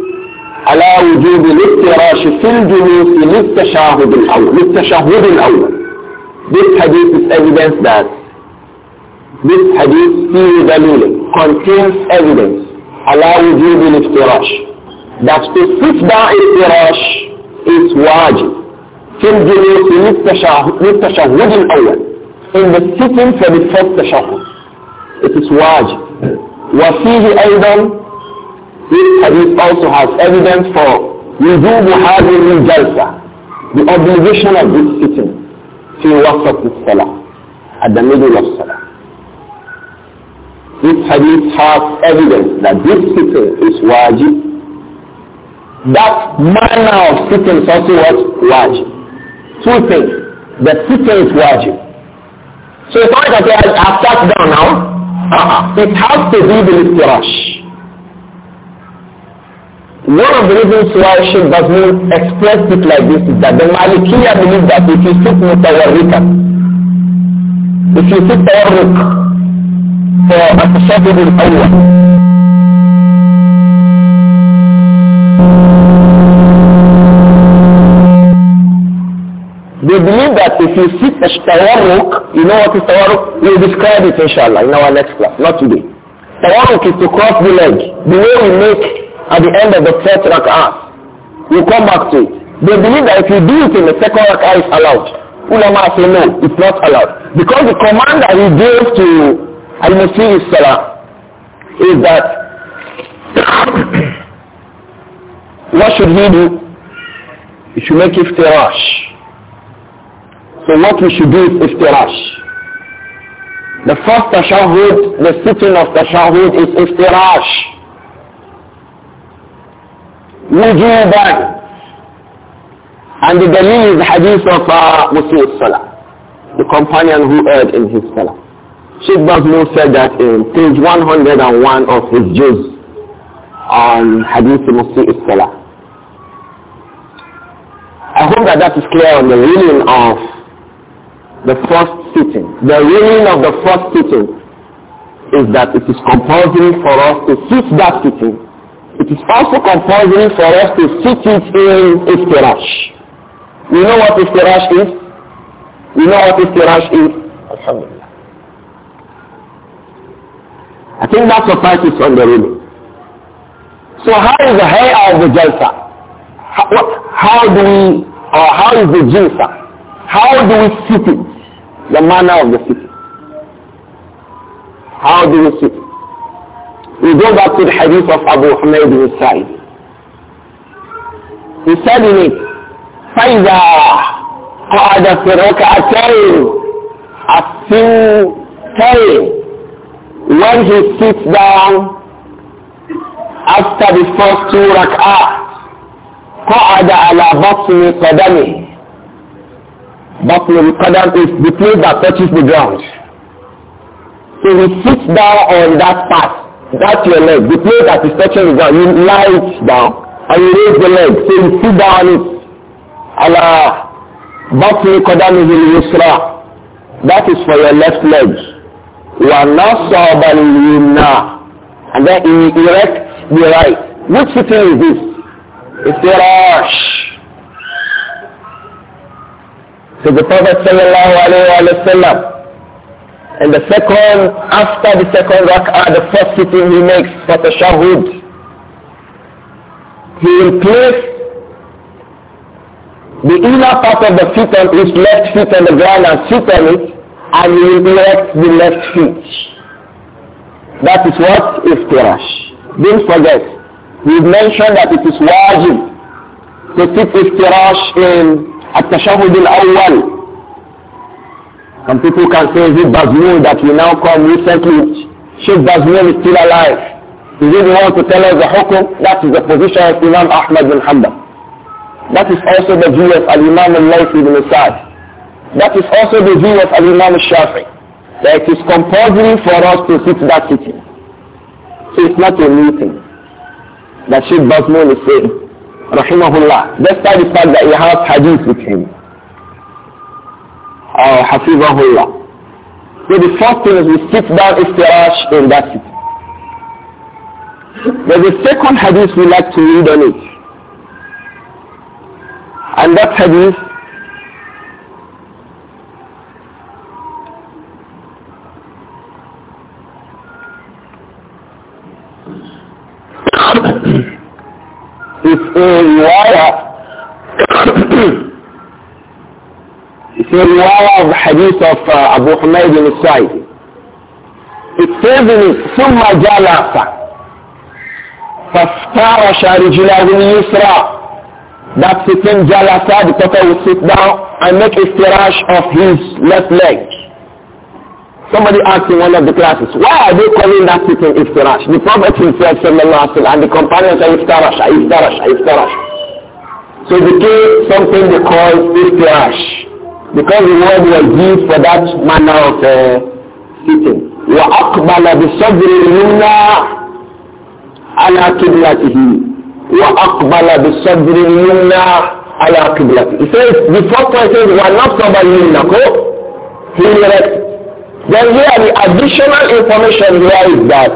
على وجوب الافتراش في الجلوس للتشهد الأول للتشهد الأول This hadith is evidence that this hadith في دليل contains evidence على وجوب الافتراش that to sit down افتراش is واجب في الجلوس للتشهد, للتشهد الأول in the sitting for the first تشهد it is واجب وفيه أيضا This hadith also has evidence for وجوب هذه jalsa, the obligation of this sitting في وسط الصلاة at the middle of salah. This hadith has evidence that this sitting is wajib. That manner of sitting is also what? Wajib. Two things. The sitting is wajib. So it's not say I have sat down now. Uh -uh. It has to be the istirash. One of the reasons why Sheikh Bazmoon expressed it like this is that the Malikiya believe that if you sit mutawarrika, if you sit tawarruk for a tashahud al they believe that if you sit a tawarruk, you know what is tawarruk? We'll describe it inshallah in our next class, not today. Tawarruk is to cross the leg. The way we make at the end of the first rak'ah. You come back to it. They believe that if you do it in the second rak'ah, it's allowed. Ulama say no, it's not allowed. Because the command that he gave to Al-Masih Salah is that <coughs> what should he do? He should make iftirash. So what we should do is iftirash. The first tashahud, the sitting of tashahud is iftirash wujuban and the dalil is the hadith of uh, Salah the companion who erred in his Salah Sheikh Basmo said that in page 101 of his juz on Hadith of Muslim Salah I hope that that is clear on the meaning of the first sitting. The meaning of the first sitting is that it is compulsory for us to sit that sitting it is also compulsory for us to sit it in iftirash. You know what iftirash is? You know what iftirash is? Alhamdulillah. I think that suffices on the ruling. So how is the hair of the jalsa? How, how do we, or how is the jalsa? How do we sit it? The manner of the sitting. How do we sit? We go back to the hadith of Abu Hamid ibn Sa'id. He said in it, فَإِذَا قَعَدَ فِي رَكَعَتَيْنِ أَسِنْتَيْنِ When he sits down after the first two rak'ah, قعد على بطن قدمه بطن القدم is the place that touches the ground. So he sits down on that part that's your leg. The place that is touching is ground, you lie down and you raise the leg. So you sit down it. Allah. بطن قدمه Yusra. that is for your left leg ونصب اليمنى and then you erect the right which sitting is this it's the rush so the prophet sallallahu alayhi wa and the second, after the second rak'ah, the first sitting he makes for the shahud, he will place the inner part of the feet on his left feet on the ground and sit on it, and he will erect the left feet. That is what is firash. Don't forget, we mentioned that it is wajib to sit with firash in at-tashahud al-awwal some people can say, is it Bazmoon that you now come recently? Sheikh Bazmoon is still alive. Is he the one to tell us the hukum? That is the position of Imam Ahmad bin Hanbal. That is also the view of Al-Imam al-Layth ibn Sa'd. That is also the view of Al-Imam al That That it is compulsory for us to sit that sitting. So it's not a new thing. That Sheikh Bazmoon is saying, Rahimahullah, despite the fact that he has hadith with him or Hafizahullah. So the first thing is we sit down istirash in that seat. There's a second hadith we like to read on it. And that hadith is a riwayah it's a riwayah of hadith of uh, Abu Hamid in Sa'id. It says in it, ثم جلس فافترش رجله اليسرى that sitting jalasa, the prophet will sit down and make a firash of his left leg. Somebody asked in one of the classes, why are they calling that sitting iftirash? The prophet himself sallallahu alaihi and the companions are iftirash, iftirash, iftirash. So it became something they call iftirash. Because the word was used for that manner of uh, sitting. وَأَقْبَلَ بِصَدْرِ الْيُمْنَى عَلَى قِبْلَتِهِ وَأَقْبَلَ بِصَدْرِ الْيُمْنَى عَلى قِبْلَتِهِ He says, the fourth point says, وَنَصَبَ الْيُمْنَكُ He erects. Then here the additional information here is that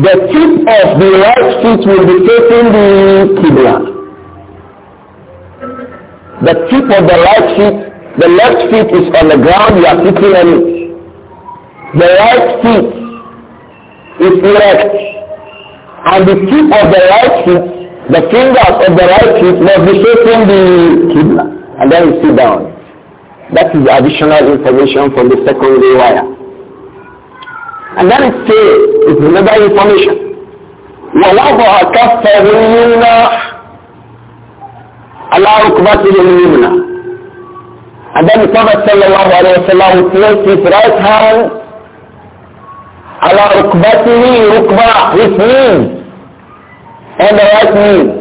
the tip of the right foot will be facing the Qibla. The tip of the right foot the left foot is on the ground, you are sitting on it. The right foot is erect. And the tip of the right foot, the fingers of the right foot must be facing the Qibla. And then you sit down. That is additional information from the secondary wire. And then it says, it's another information. ووضع كفه اليمنى على ركبته اليمنى And then the Prophet sallallahu alayhi wa sallam placed his right hand ala rukbatihi rukba, his knee, and the right knee.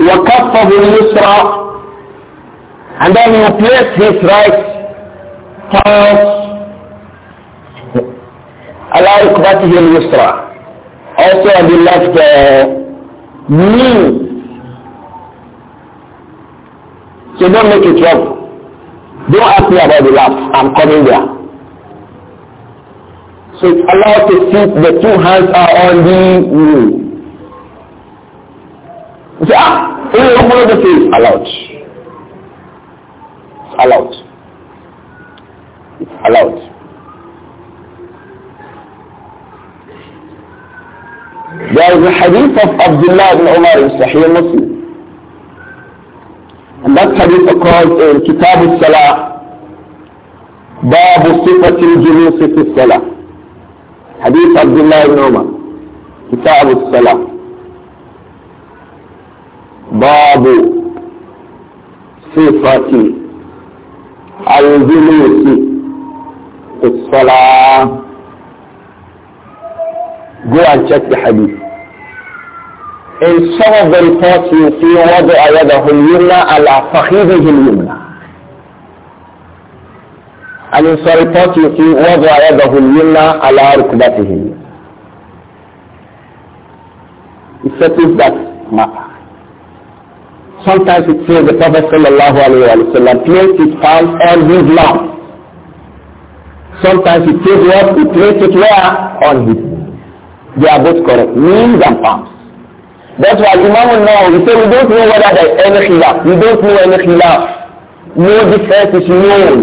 وكفه اليسرى and then he placed his right hand على ركبته اليسرى also on the left knee So don't make it wrong. Don't ask me about the last. I'm coming there. So it's allowed to see the two hands are on the knee. You say, ah, all the things allowed. It's allowed. It's allowed. There is a hadith of Abdullah ibn Umar in Sahih Muslim. And that hadith occurs in Kitab al-Salah, باب صفة الجلوس في الصلاة حديث عبد الله بن عمر كتاب الصلاة باب صفة الجلوس في الصلاة Go and check the hadith. In some of the reports you see وَضَعَ يَدَهُ الْيُمْنَى عَلَى فَخِذِهِ الْيُمْنَى And in some reports you see وَضَعَ يَدَهُ الْيُمْنَى عَلى رُكْبَتِهِ It settles that matter. Sometimes it says the Prophet sallallahu alayhi wa sallam placed his palm on his mouth. Sometimes it says what? He placed it where? On his knees. They are both correct. Knees and palms. That's why Imam now he said we don't know whether there is any khilaf. We don't know any khilaf. No difference is known.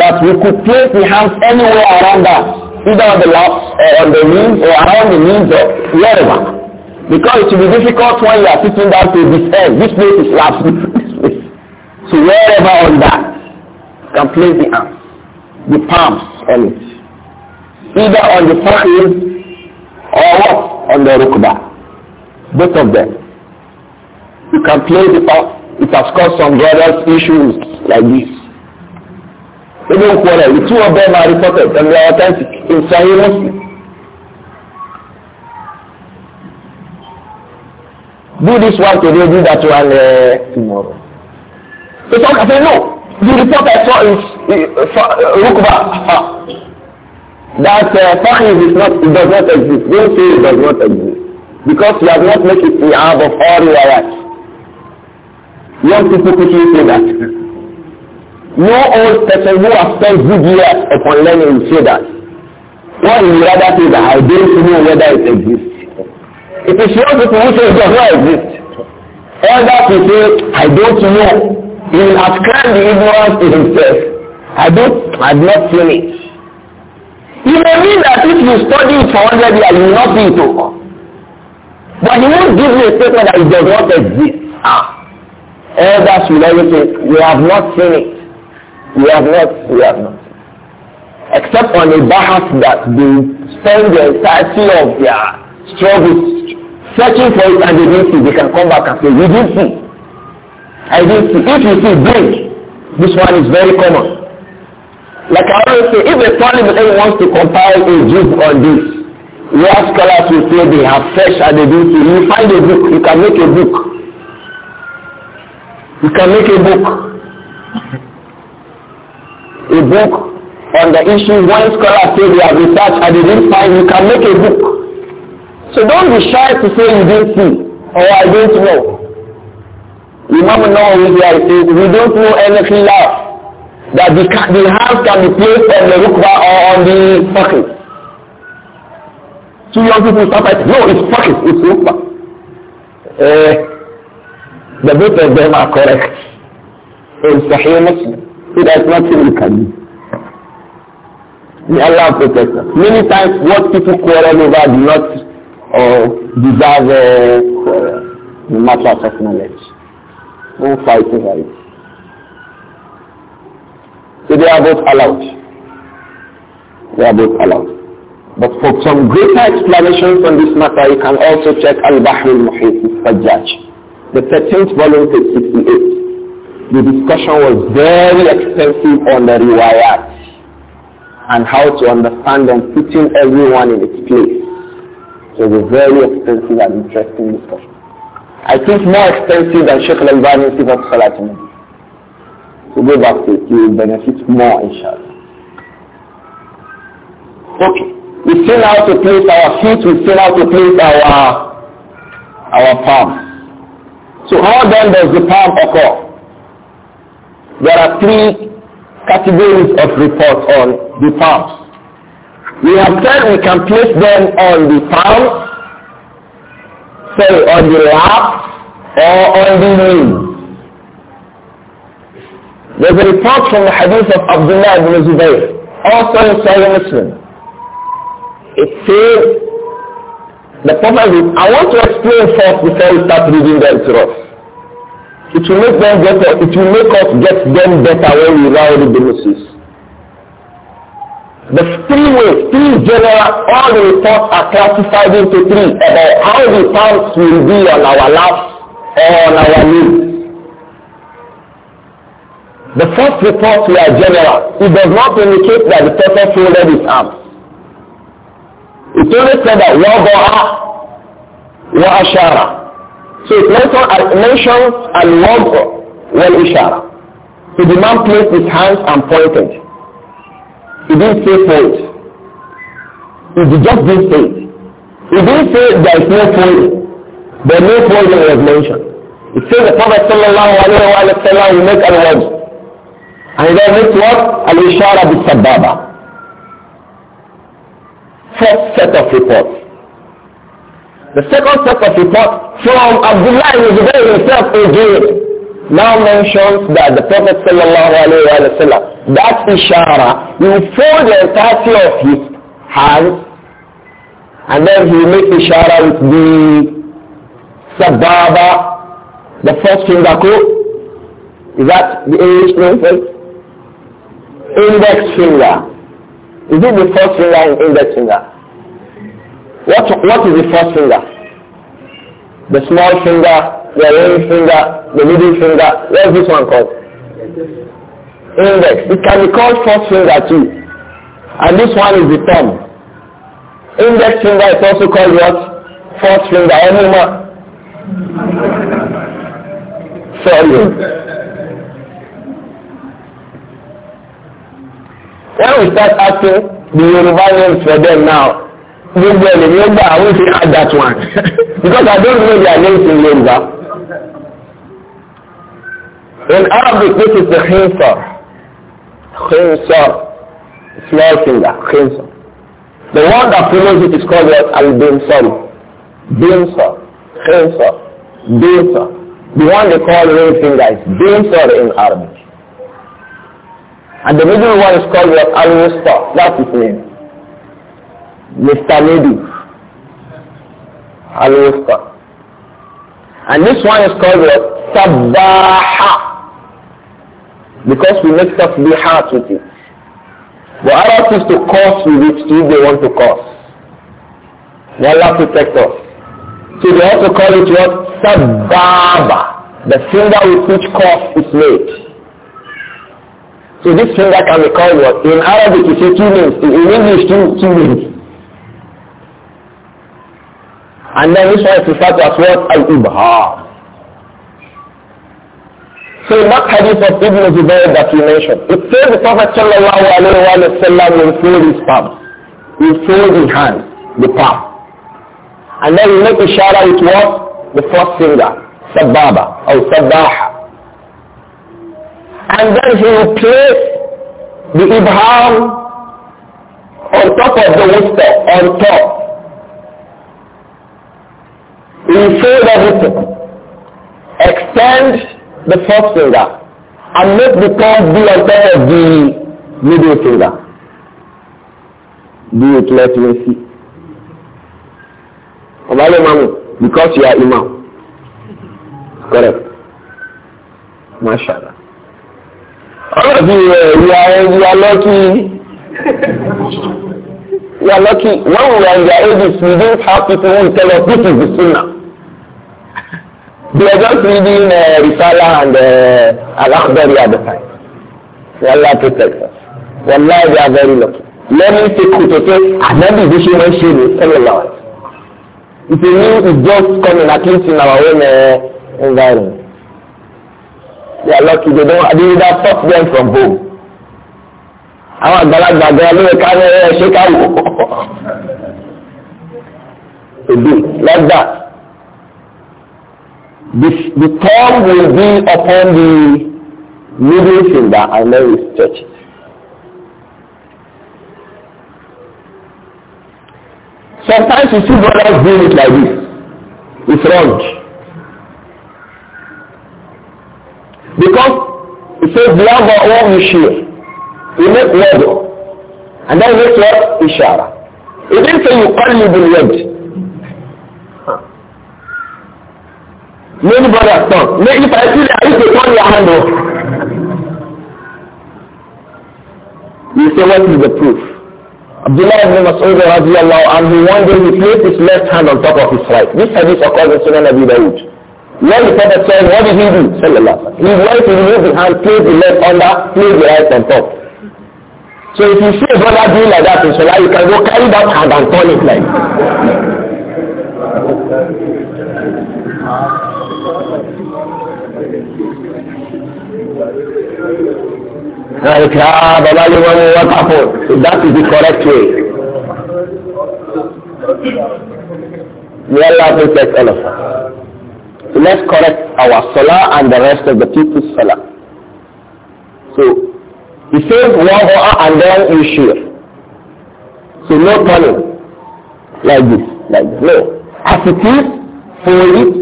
That we could place the hands anywhere around us, either on the left or on the knees or around the knees or wherever. Because it will be difficult when you are sitting down to discern this place is last, this place. So wherever on that, you can place the hands, the palms on it. Either on the forehead or On the rukbah. both of them. You can play the part. It has caused some various issues like this. They don't quarrel. The two of them are reported and they are authentic in Sahih Muslim. Do this one today, do that one uh, tomorrow. The talk, I say no. The report I saw is uh, uh, That uh, Fahim is not, it does not exist. Don't say it does not exist. Because you have not made it the ab of all riwayat. Young people quickly say that. No old person who has spent good years upon learning will say that. What he rather say that I don't know whether it exists. If It is young people who say it does not exist. Others will say, I don't know. He will ascribe the ignorance to himself. I don't, I have not seen it. You may mean that if you study it for 100 years, you will not be it over. But he won't give you a statement that it does not exist. Ah. Elders will always say, we have not seen it. We have not, we have not. Except on a behalf that they spend the entirety of their struggles searching for it and they didn't see, they can come back and say, we didn't see. I didn't see. If you see, bring. This one is very common. Like I always say, if a Taliban wants to compile a jib on this, We where scholars will say they have searched at the book you find a book you can make a book you can make a book a book on the issue one scholar say they have researched and they didn't find you can make a book so don't be shy to say you didn't see or i don't know imam nawawi here says we don't know anything left that the, the hands can be placed on the rukba or on the pocket Two young people start fighting. No, it's fine. It's super. Uh, the both of them are correct. In Sahih Muslim. So there's nothing you can do. May Allah protect us. Many times what people quarrel over do not uh, deserve no matter of knowledge. No fight over it. So they are both allowed. They are both allowed. But for some greater explanations on this matter, you can also check Al-Bahr al-Muhit fajjaj The 13th volume, page 68. The discussion was very extensive on the riwayat and how to understand them, putting everyone in its place. So it was a very extensive and interesting discussion. I think more extensive than Sheikh Al-Albani Sifat Salat So go back to it, you will benefit more inshallah. Okay. We still how to place our feet, we still how to place our our palms. So how then does the palm occur? There are three categories of reports on the palms. We have said we can place them on the palm, say on the lap, or on the knee. There's a report from the hadith of Abdullah ibn Zubayr, also in Sahih Muslim. It says, the Prophet is, I want to explain first before we start reading them to us. It will make them better. It will make us get them better when we read the Moses. The three ways, three general, all the reports are classified into three about how the towns will be on our laps or on our knees. The first report we are general. It does not indicate that the person folded his arms. It only said that wada'a wa ashara. So it mentions, and al-wada wal ishara. So the man placed his hands and pointed. He didn't say point. He just didn't say it. He didn't say there is no point. But no folding was mentioned. It says the Prophet sallallahu alayhi wa sallam will make a word, And then makes what? Al-ishara bi-sababa first set of reports. The second set of reports from Abdullah ibn Zubayr himself again now mentions that the Prophet sallallahu that ishara, he will fold the entirety of his hands and then he will make ishara with the sababa, the first finger quote, is that the English name for it? Index finger. Is it the first finger and index finger? What, what is the first finger? The small finger, the ring finger, the middle finger. What is this one called? Index. It can be called first finger too. And this one is the thumb. Index finger is also called what? First finger. more? Sorry. when we start asking the Yoruba names for them now gbogbo ẹlẹmi ó gbà àwọn ìṣe add that one because I don't know their names in Yoruba. In Arabic this is the khinsar khinsar small finger khinsar the one that follows it is called what al-binsar binsar khinsar the one they call ring finger is binsar in Arabic. And the middle one is called what? Al-Musta. That's his name. Mr. Lady. Al-Musta. And this one is called what? Sabaha. Because we make tasbihat with it. The Arabs is to curse with it if they want to curse. May Allah protect us. So they also call it what? Sababa. The finger with which curse is made. So this finger can be called what? In Arabic you say two names, in English two, two names. And then this one is referred to as what? Al-Ibhar. So in that hadith of Ibn Zubayr that we mentioned, it says the Prophet sallallahu alayhi wa sallam will fold his palm. He will fold his hand, the palm. And then he make ishara with what? The first finger, sababa or sabaha. and then he will place the ibrahim on top of the wusta, on top. He fold everything. Extend the first finger and make the thumb be on top of the middle finger. Do it, let me see. Obale Mamu, because you are Imam. Correct. MashaAllah ọlọ́dún rẹ̀ ya ya lọ́kì ya lọ́kì when we are in their ages we don't have people who tell us this is the sunnah. They are just reading uh, Risala and uh, Al-Akhdari at the time. Wallah protect us. Wallah they are very lucky. Learning Fiqh to say, Anabi Bishu Manshiri, sallallahu alayhi wa sallam. It's a new, it's just coming at least in our own uh, environment. They are lucky. They don't, they will stop them from home. Àwọn àgbàlagbà gan ló yẹ ká ní ẹ ṣe káwò. <laughs> Èdè lọ́gbà. The the thumb will be upon the middle finger and then we stretch it. Sometimes you see brothers doing it like this. It's wrong. Because it says whoever all you share. You make wadu. And then makes what? Ishara. It didn't say you قلب اليد. Many brothers turn. If I see that, I used to turn your hand off. You say, what is the proof? Abdullah ibn Mas'ud radiallahu anhu, one day he placed his left hand on top of his right. This hadith occurs in Sunan Abi Dawud. When the Prophet said, what did he do? Sallallahu He went to remove the hand, place the left under, play the right on top. So if you see a brother doing like that in Salah, you can go carry that hand and turn it like. Like, ah, Baba Liman, what happened? So that is the correct way. May Allah protect all of us. let's correct our salah and the rest of the people's salah. So he says one hour and then you share. So no turning like this, like this. No. As it is, fold it,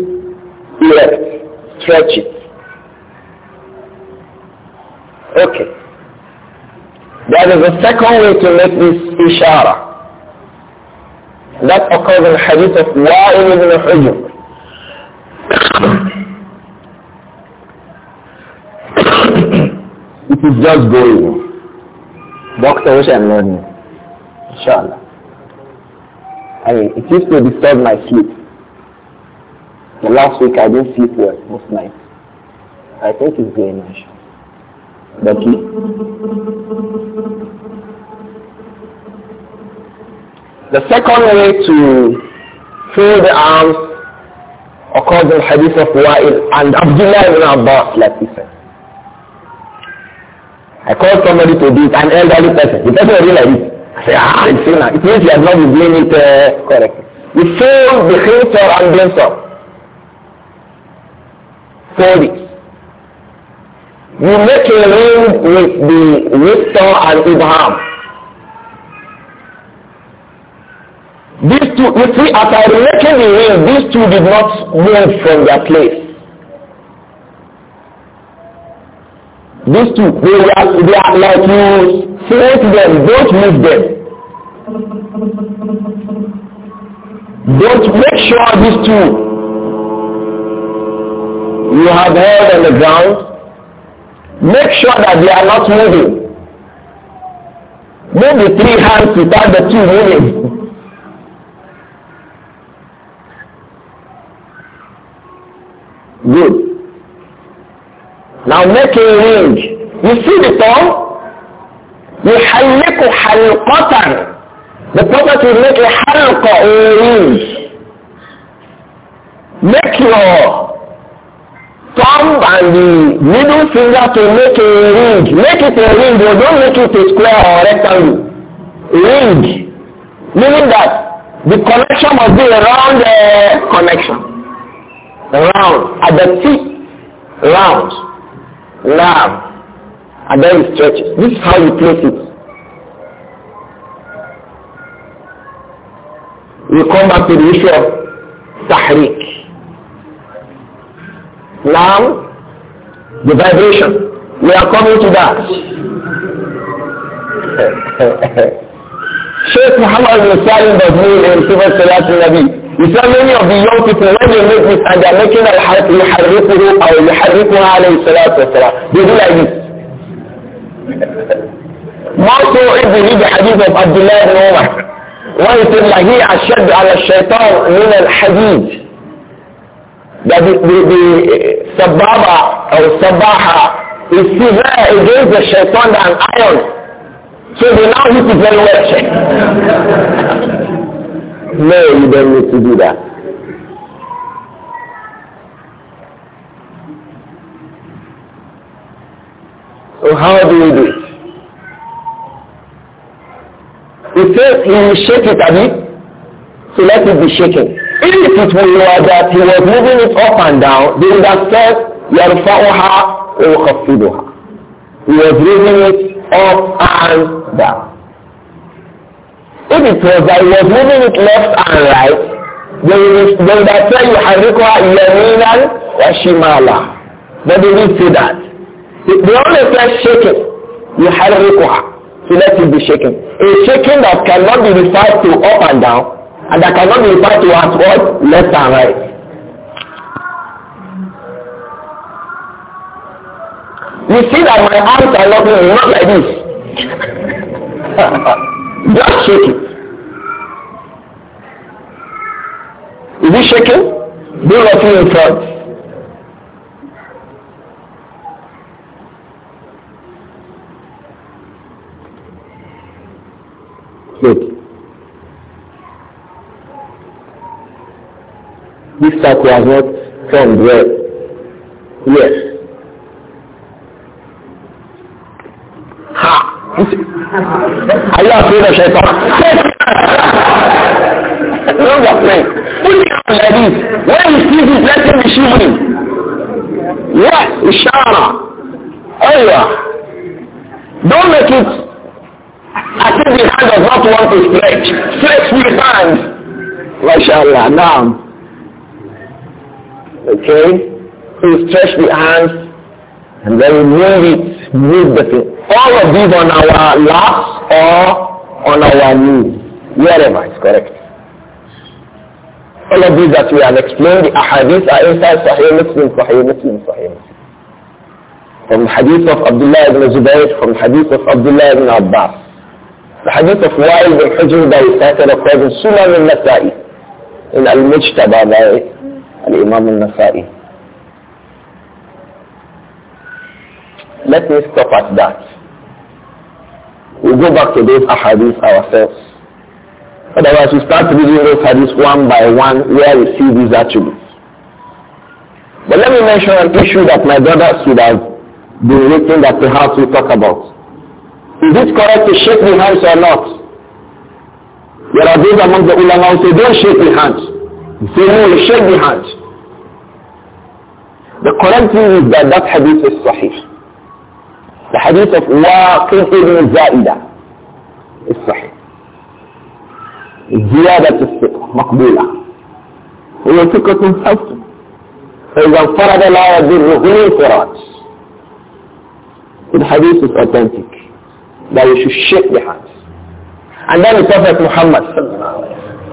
erect, stretch it. Okay. There is a second way to make this ishara. That occurs in the hadith of Wa'il ibn Hujr it is just going. Doctors and learning. Inshallah. I mean, it used to disturb my sleep. The last week I didn't sleep well most nights. I think it's going, Thank you. The second way to fill the arms occurs in hadith of Wa'il and Abdullah ibn Abbas, like he said. I called somebody to do it, an elderly person. The person realized it. I said, ah, it's sinner. It means he has not been doing it uh, correctly. You failed the himself and then doing For this, You make a ring with the wisdom and Ibrahim. These two, you see, as I related the rain, these two did not move from their place. These two, they are, they are like you float them, don't move them. Don't make sure these two you have heard on the ground, make sure that they are not moving. Move the three hands without the two moving. Good. Now make a ring. You see the tongue? يحلق حلقة The Prophet will make a حلقة or range. Make your thumb and the middle finger to make a ring. Make it a ring, but don't make it a square or rectangle. Ring. Meaning that the connection must be a round uh, connection. round at the tip round round and then you stretch it this is how you place it we come back to the issue of tahrik now the vibration we are coming to that <laughs> Sheikh Muhammad in Salat Nabi He said many of the young people, when they make this and they are making al harf yuharrifuhu or yuharrifuha alayhi salatu wasalam, they do like this. More so if we read the hadith of Abdullah ibn Umar, when he said, he ashad ala shaitan min al hadith? that the, the, sababa or sabaha is severe against the shaitan and iron. So they now hit it very well. No, you don't need to do that. So how do you do it? He say he will shake it a bit, so let it be shaken. If it were that he was moving it up and down, they would have said, يَرْفَعُهَا وَيُخَفِّضُهَا He was moving it up and down. If it was that he was moving it left and right, they will, they will tell you, Harikoa Yaminan wa Shimala. But they didn't say that. the only thing shaking. You Harikoa. So let it be shaking. A shaking that cannot be referred to up and down, and that cannot be referred to as what? Left and right. You see that my arms are not moving, not like this. <laughs> Just shake it. Is it shaking? Do nothing in Good. This circle has not formed well. Yes. Ha! Are you afraid of shaitan? no, you are afraid. Put it on like this. When you see this, let him be shivering. Yeah, Don't make it I think the hand does not want to stretch. Stretch with hand. MashaAllah. Now. Okay? So stretch the hands and then move it, move the thing. All of these on our laps or on our knees, wherever is correct. All of these that we have explained, the ahadith are inside Sahih Muslim, Sahih Muslim, Sahih Muslim. From the hadith of Abdullah ibn Zubayr, from the hadith of Abdullah ibn Abbas. The hadith of Wa'il ibn Hujr that is cited of Prophet Sunan al-Nasa'i in Al-Mujtaba by Al-Imam al-Nasa'i. Let me stop at that. We'll go back to those ahadith ourselves. Otherwise, we start reading those hadiths one by one where we see these attributes. But let me mention an issue that my brother should have been waiting that perhaps we talk about. Is it correct to shake the hands or not? There are those among the ulama who say, don't shake the hands. They say, no, you shake the hands. The correct thing is that that hadith is sahih. The hadith of Waqif ibn Zaida is sahih. زيادة الثقة مقبولة هي ثقة حسن فإذا انفرد لا يضره انفراد الحديث is authentic that you should shake the hand and then the Prophet Muhammad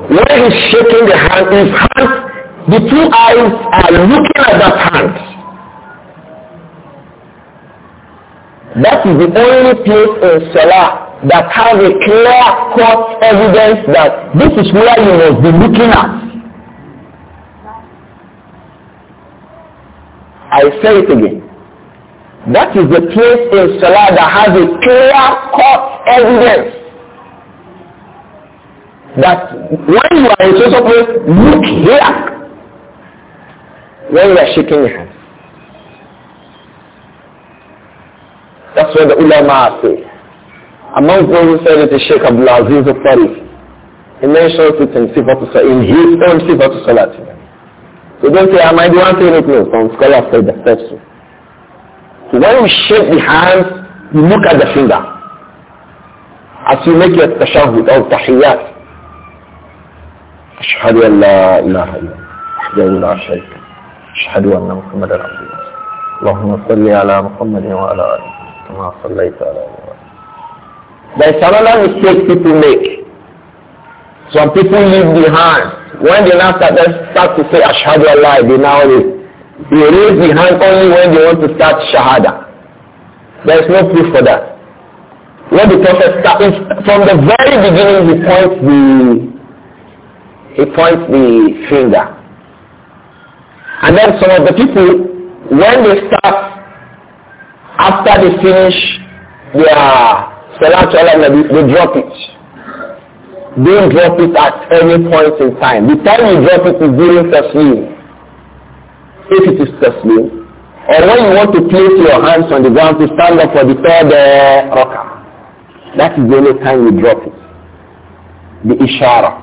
when he's shaking the hand his hand the two eyes are looking at that hand That is the only place in Salah that has a clear-cut evidence that this is where you must be looking at. I say it again. That is the place in Salah that has a clear-cut evidence that when you are in social place, look here when you are shaking your hand. that's what the ulama say. Among those who said it is Sheikh Abdul Aziz al-Tariq. He mentions it in Sifat in his own Sifat Salat. So don't say, I might one saying it? No, some scholars say that that's so. So when you shake the hand, you look at the finger. As you make your tashahud or tahiyyat. أشهد أن لا إله إلا الله وحده لا شريك له أشهد أن محمدا عبده ورسوله اللهم صل على محمد وعلى آله There is another mistake people make. Some people leave behind. When they now start, they start to say Ashhadu Allah, they now leave. They leave behind only when they want to start Shahada. There is no proof for that. When the Prophet starts, from the very beginning he points the, he points the finger. And then some of the people, when they start after they finish their salat ala they drop it. Don't drop it at any point in time. The time you drop it is during taslim. If it is taslim, or when you want to place your hands on the ground to stand up for the third uh, rakah, that is the only time you drop it. The ishara.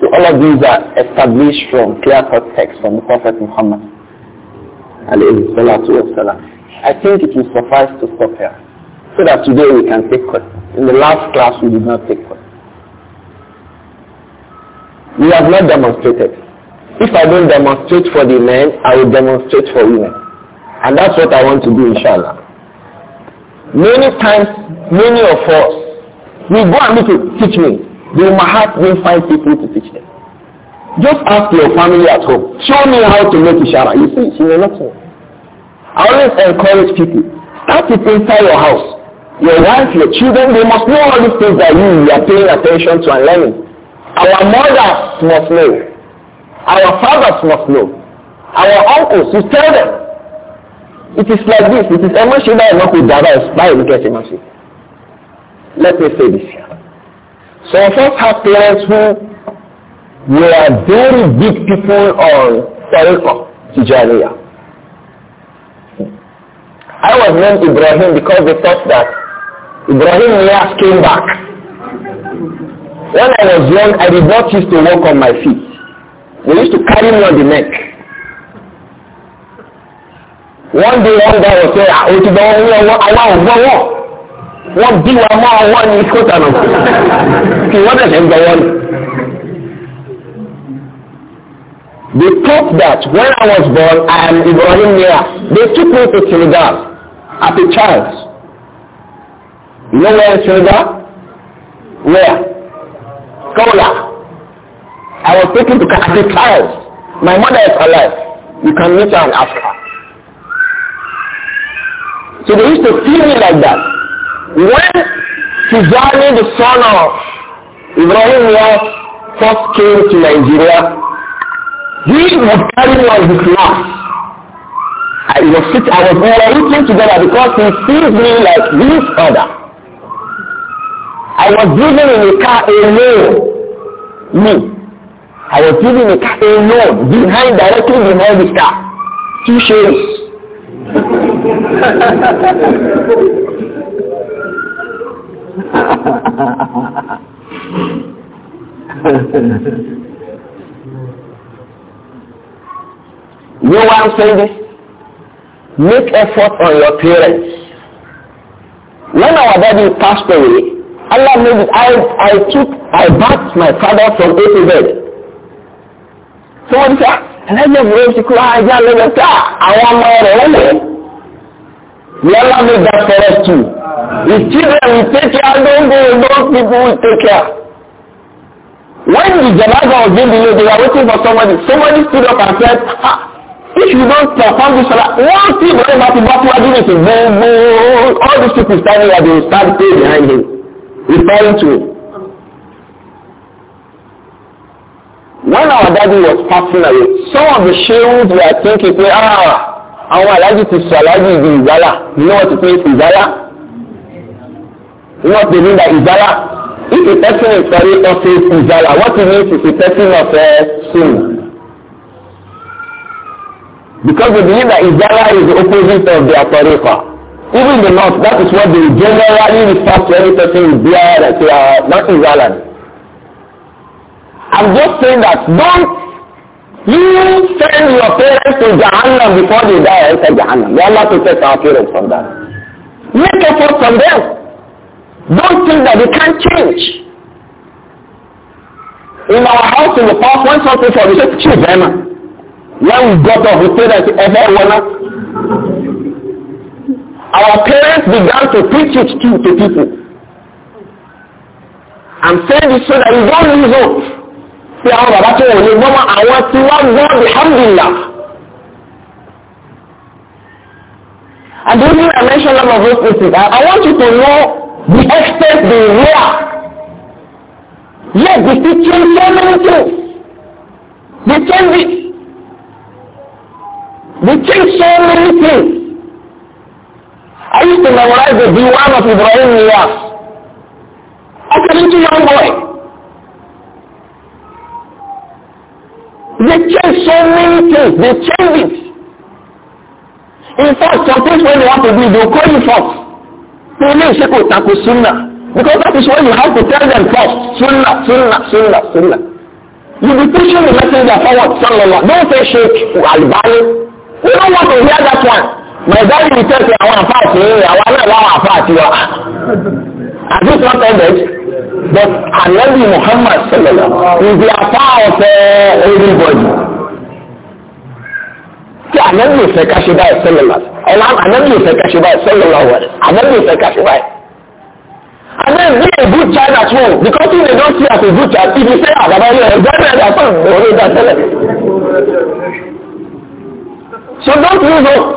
So all of these are established from clear-cut text from the Prophet Muhammad alayhi salatu wasalam. I think it will suffice to stop here so that today we can take questions. In the last class we did not take questions. We have not demonstrated. If I don't demonstrate for the men, I will demonstrate for women. And that's what I want to do inshallah. Many times, many of us, we go and look to teach me. The Mahat will find people to teach them. Just ask your family at home. Show me how to make ishara. You see, she will not know. I always encourage people. Start it inside your house. Your wife, your children, they must know all these things that you, you are paying attention to and learning. Our mothers must know. Our fathers must know. Our uncles, you tell them. It is like this. It is a that emotional not with others. Buy and get emotional? Let me say this here. Some of us have parents who we are very big people on to Tijariyah. I was named Ibrahim because they thought that Ibrahim Nias came back. When I was young, I did not used to walk on my feet. They used to carry me on the neck. One day, one guy was saying, "I want to go on one walk." Wọ́n bí wa mọ́ àwọn ní kótà náà. Kì on? dẹ̀ ṣe ń gbọ́ wọn. They thought that when I was born, I am Ibrahim They took me to Senegal as a child. You know where in Senegal? Where? Kola. I was taken to Catholic child. My mother is alive. You can meet her and ask her. So they used to feel me like that. When Tijani, the son of Ibrahim Mia, first came to Nigeria, he was carrying on his mask. I was sitting, I was we were looking together because he sees me like this other. I was driving in a car alone. Me. I was driving in a car alone, behind, directly behind the car. Two shades. Ha <laughs> You want to this? Make effort on your parents. When our daddy passed away, Allah made it. I, I took, I backed my father from A to Z. Someone said, ẹlẹ́jẹ̀ bùrọ̀ ti I ajá lẹ́jẹ̀ tí àwọn ọmọ rẹ̀ wọ́n lè. Yálà mi gba fẹ́rẹ̀ We take care. tẹ́kẹ̀ go. those people will take care. When the janaza was being delayed, they were waiting for somebody. Somebody stood up and said, ah, if you don't perform this salah one thing wey ma ti bá síwájú ní ti gbogbo all these people standing there dey stand pay behind him referring to him. when our daddy was passing away some of the shehus were thinking say ah àwọn aláàjì ti sọ aláàjì di ìzálà you know what it means ìzálà you know what they mean by ìzálà if a person is sorry or says ìzálà what it means is a person of uh, sin. Because they believe that Izala is the opposite of their tariqah. Even the north, that is what they generally refer to every person with beard as they are uh, not Israelan. I'm just saying that don't you send your parents to Jahannam before they die enter Jahannam. not to take our parents from that. Make effort from them. Don't think that they can't change. In our house in the past, one something for we say, choose them. when we got up, we said that ever wanna. Our parents began to preach it to, to people. I'm saying this so that we don't lose hope. Say àwọn bàbá tó wọlé gbọ́mọ àwọn tí wọ́n gbọ́ alhamdulillah. I don't know I mentioned some of those places. I, I want you to know the extent they were. Yes, they teach you so many things. They change it. They change so many things. I used to memorize the b 1 of Ibrahim Niyas. As a little young boy. They change so many things. They change it. In fact, sometimes when you want to do, they'll call you first. They may say, go taku sunnah. Because that is when you have to tell them first. Sunnah, sunnah, sunnah, sunnah. You'll be pushing the messenger forward, sallallahu. Don't say shirk, al-bani, We don't want to hear that one. My daddy will tell eh, you, I want to fight me, I want to allow a fight you. Has this not ended? But I love you, Muhammad is the afar of uh, everybody. Tí Annabi ìfẹ́ ká ṣe báyìí sẹ́lẹ̀lá. Ọlá Annabi ìfẹ́ ká ṣe báyìí I love you, ìfẹ́ ká ṣe báyìí. And then be a good child at home because if they don't see as a good child, if you say, ah, bàbá yẹn, ẹ̀gbọ́n I yàtọ̀ òun ló dá sẹ́lẹ̀. So don't lose hope.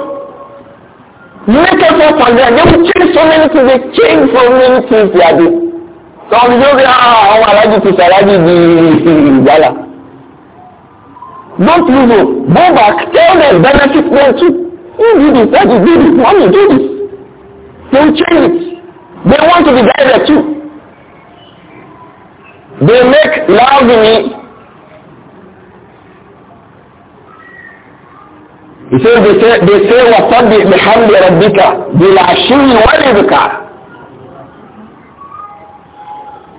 Make effort on them. They will change so many things. They change so many things they are doing. Some people say, ah, àwọn alájí ti ṣàlájí di ìgbàlá. Don't lose hope. Go back. Tell them benefit them too. You do this, that is do this, you do this. They will change it. They want to be guided too. They make love in it. He says they say, they say وَصَبِّئْ بِحَمْدِ رَبِّكَ بِالْعَشِيِّ وَالْإِبْكَارِ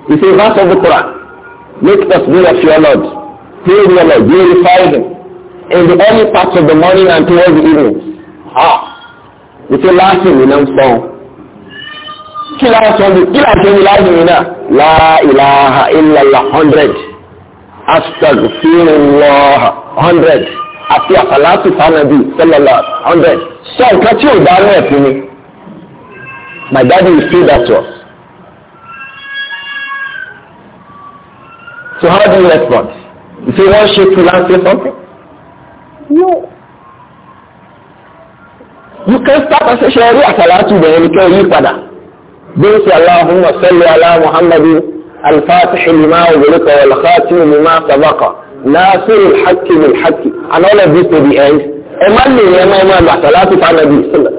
He says that's of the Quran. Make us be of your Lord. Praise your Lord. Glorify Him. In the early parts of the morning and towards the evening. Ah. He says last thing we know Kí láwọn sọ bí kí láwọn sọ bí láwọn yìí náà? La ilaha illallah hundred. Astagfirullah hundred àti àfàlátù fanabi sẹlẹlá hundred sọ nǹkan tí ò bá rẹ̀ fún mi my daddy is still that us. so how do you respond you say one shake you land say something no you can start as a ṣe rí àfàlátù bẹ̀rẹ̀ ní kẹ́ yí padà bí ó ṣe aláhùn wa sẹ́lẹ̀ aláhùn muhammadu alfatihi lima wa gbẹ̀lẹ́kọ̀ wàlúkàtì lima sabaka nasiru hakki min hakki and all of this to the end ẹ má lè yẹn máa máa gbàtọ̀ láti fa anabi sílẹ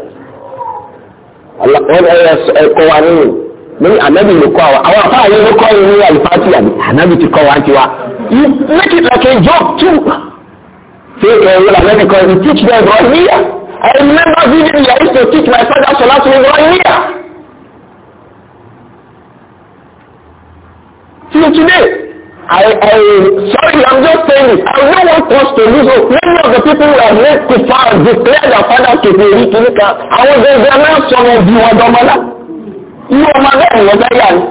wọn ẹ ẹ̀kọ́ wa nínú ní anabi ló kọ́ wa àwọn afáà yẹn ló kọ́ yẹn ní alifati àbí anabi ti kọ́ wa ti wa make it like a joke too ṣé ẹ wọlé anabi kọ́ you teach them right here I remember video I used to teach my father Solatu right here. Till today. I, I, sorry, I'm just saying it. I don't want us to lose hope. Many of the people who have made kufar declare their father to be Rikirika. Àwọn ọ̀dọ́ ẹgbẹ́ náà sọ wọn di wọn dọ́mọlá. Irú ọmọ bẹ́ẹ̀ ni You yà ni.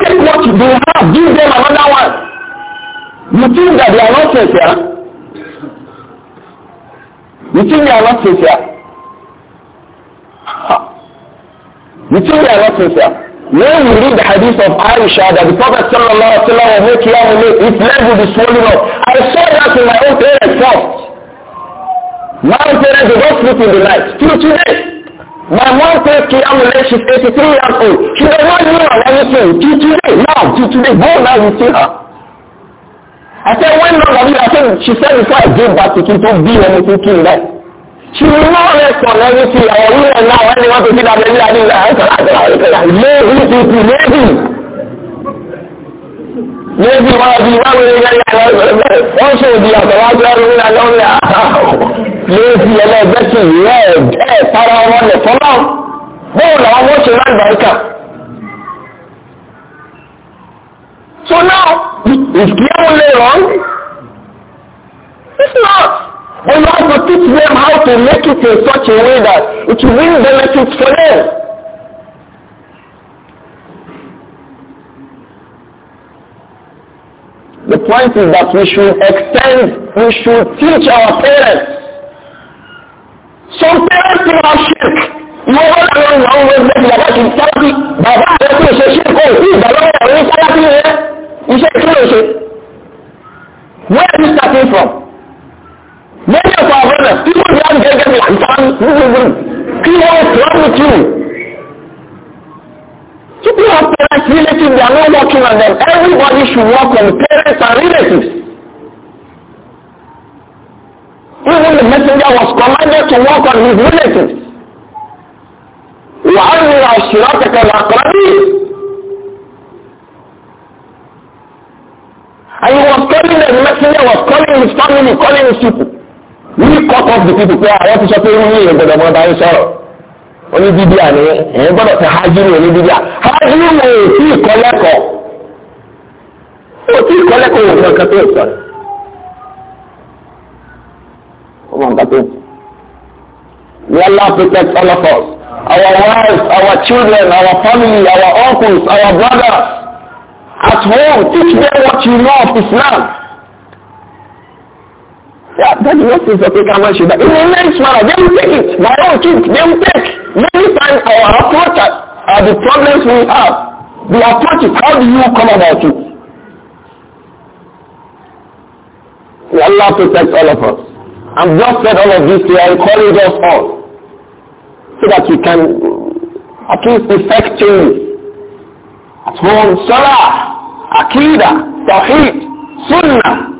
Take what they have, give them another one. You think that they are not sincere? You think they are not sincere? Huh. You think they are not sincere? When we read the hadith of Aisha that the Prophet sallallahu alaihi wasallam will make yam will his will be swollen up. I saw that in my own parents first. My own parents did not sleep in the night. Till today. My mom takes yam will she's 83 years old. She does not know anything. Till today, now, till today, go now you see her. I said, when long have you? I said, she said before I gave back to Kinto, be anything till that tí iná rẹ̀ pọ̀ lẹ́yìn tí àwọn orílẹ̀ náà wọ́n ni wọ́n ti dídá lẹ́yìn láti ìlà lẹ́yìn ti ti lẹ́yìn lẹ́yìn wọn bí wọ́n wọlé yẹn lọ wọ́n ṣe òbí àtọ̀wá bí wọ́n wọlé lọ rẹ̀ lẹ́yìn ẹlẹ́gbẹ́ sí rẹ̀ ẹ̀ para wọn lẹ̀ fọ́lá bóun làwọn wọ́n ṣe láì bàríkà. So now, is Kiyam only wrong? It's not. But you have to teach them how to make it in such a way that it will bring benefit for them. The point is that we should extend, we should teach our parents. Some parents in our shirk, you are along your own way, maybe Baba should tell Baba, I do you shirk, oh, Baba, I don't think you You should Where are you starting from? many of our brothers people dey am get get lantan gbogbogbò people wrong with people have parents relatives they are not working on them everybody should work on parents and relatives even the messenger was commanded to work on his relatives وعلم عشيرتك الاقربين And he was calling the messenger, was calling his family, calling his people we cut off the people pé àwọn ti sọ pé irú yìí gbọdọ̀ mọ́ báyìí sọ̀rọ̀ oní bíbí àní ẹ̀yìn gbọdọ̀ ti hajiru oní bíbí à hajiru wo òtí ìkọlẹ́kọ̀ òtí ìkọlẹ́kọ̀ wò fún ẹ̀ka tó ń nǹkan tó ń sọ. May Allah protect all of us, our wives, our children, our family, our uncles, our brothers. At home, teach them what you know of Islam. Yeah, that is what is the African man should In a nice manner, they will take it. My own kids, they will take. Many times our approach are the problems we have. The approach is how do you come about it? Allah protects all of us. i just said all of this to encourage us all so that we can uh, at least effect change. At home, Salah, Akida, Tawheed, Sunnah,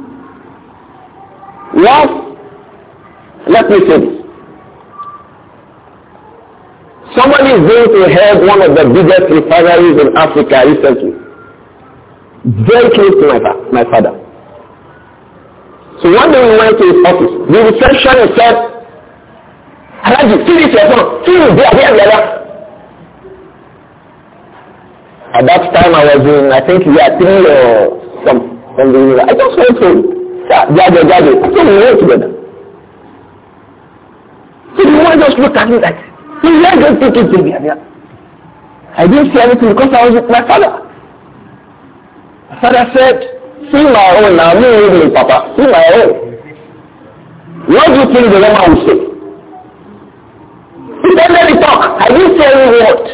Love, let me say this. Somebody is going to have one of the biggest refineries in Africa recently. Very close to my, my father. So one day we went to his office. The receptionist said, Halaji, see this your son. See him there, here, there. At that time I was in, I think, year three or some, something. I just went to. jáde jáde so we work together so the woman just look at me like so let guys just take it baby abia I didn't see anything because I was with my father my father said see my own now me and my papa see my own what do you think the woman will say he said let me talk I didn't say any word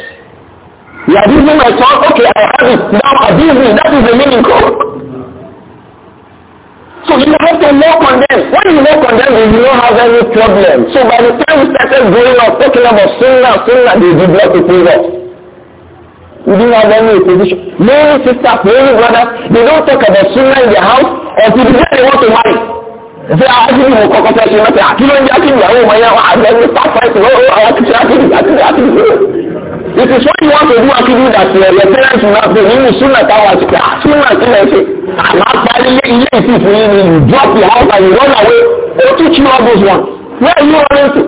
you are using my talk okay I have it now abuse me that is the meaning code. So you have to know condemn. When you know condemn, you do not have any problem. So by the time you started going up, talking about sunnah, sunnah, they did not approve of. You didn't have any position. Many sisters, many brothers, they don't talk about sunnah in their house until the they want to marry. Ṣé akíní mo kọ́kọ́ fẹ́ ṣe mẹ́ta? Kí ló ń jẹ́ akíní àwọn ọmọ yẹn wà á bẹ̀rẹ̀ pàṣẹ lọ́wọ́ àwọn akíní akíní akíní akíní. It is what you want to do akíní that uh, your parents will not do. Nínú súnà táwọn àti pé súnà kí lè ṣe máa parí ilé ilé ìfìfì yìí ni you drop your house and you run away go teach you all those ones where are you running to.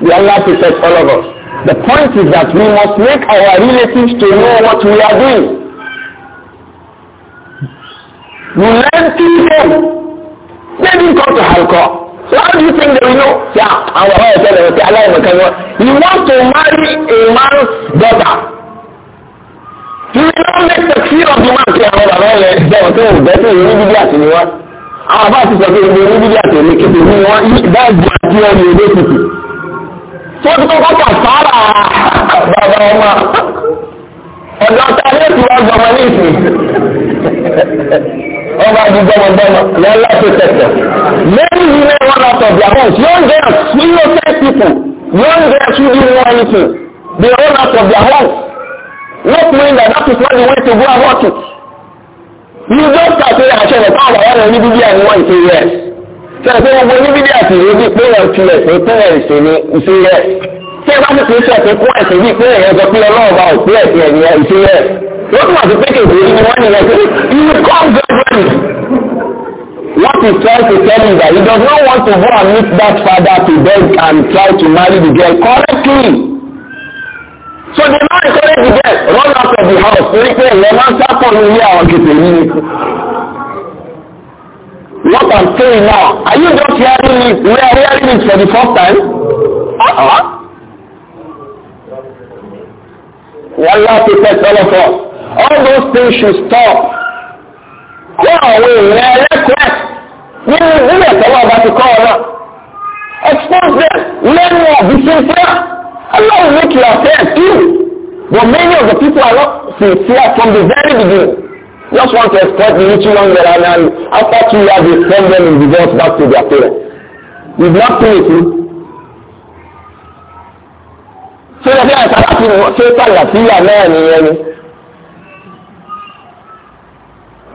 May Allah protect all of us. The point is that we must make our relatives to know what we are doing. You learn through them. They didn't come to alcohol. So how do you think they will know? Yeah, our wife tell them, okay, Allah is a You want to marry a man's daughter. Ìwé náà mẹ́tọ̀ sí ọdún máa fi àwọn bàbá rẹ̀ bẹ̀rẹ̀ tó ń bẹ́tẹ̀ ìwé bíbí àti ni wá. Àwọn bá ti sọ pé ìwé bíbí àti èmi kéde ní wọ́n yí báàgì àti ọmọ ìwé tutù. Tó ti kọ́kọ́ kà sára bàbá ọmọ. Ọ̀dọ́ ta ní èsì wá gbọmọ ní ìsìn. Ọba di gbọmọgbọmọ lọ́lá Many women run out of their homes. Young girls, innocent people, young girls who didn't know anything, they run out of their homes not knowing that that is not the way to go about it. You just start saying àṣẹ rẹ̀ fáwọn àwọn ẹni bíbí àni wọ́n ti rẹ̀. Sọ̀rọ̀ pé gbogbo ní bíbí àti ìwé bíi pínlẹ̀ tilẹ̀ pé pínlẹ̀ ìsinmi ìsinlẹ̀. Tí ẹ bá ti pín sẹ̀tẹ̀ kún ẹ̀sìn bíi pínlẹ̀ yẹn sọ pé ọlọ́run bá òpin ẹ̀sìn ẹ̀yìn ìsinlẹ̀. Wọ́n tún àti pé kèké ní wọ́n ní ẹ̀sìn. You come very What he's trying to tell you that he does not want to go and meet that father to beg and try to marry the girl correctly. So the man encouraged the girl, run out of the house, torí pé ẹ̀yẹ máa ń sápọ̀ ní ilé àwọn kìtì yìí ni. What I'm saying now, are you just hearing it, we are hearing it for the first time? Uh-huh. to ti fẹ́ sọ́lọ́ fọ́. All those things should stop. Go away. èèyàn ẹlẹ́kọ̀ọ́ nínú we tọ́wọ́ ọba ti kọ́ ọ náà. Expose them, learn more, be sincere. Allah will make your affairs too. But many of the people are not sincere from the very beginning. Just want to exploit the little longer and then after two years they send them in divorce back to their parents. We've not true. So seen it. Ṣé ẹ bí àṣàlá ti wọ́n ṣe sàlà any any. nìyẹn ni?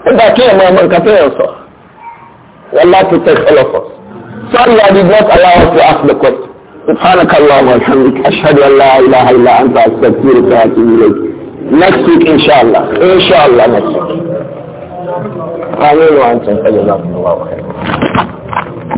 Nígbà my ẹ̀mọ ọmọ nǹkan fẹ́ràn Allah protect all of us. Sorry I did not allow us to ask the question. سبحانك اللهم وبحمدك أشهد أن لا إله إلا أنت أستغفرك وأتوب إليك نفسك إن شاء الله إن شاء الله نفسك آمين وأنتم الله خيرا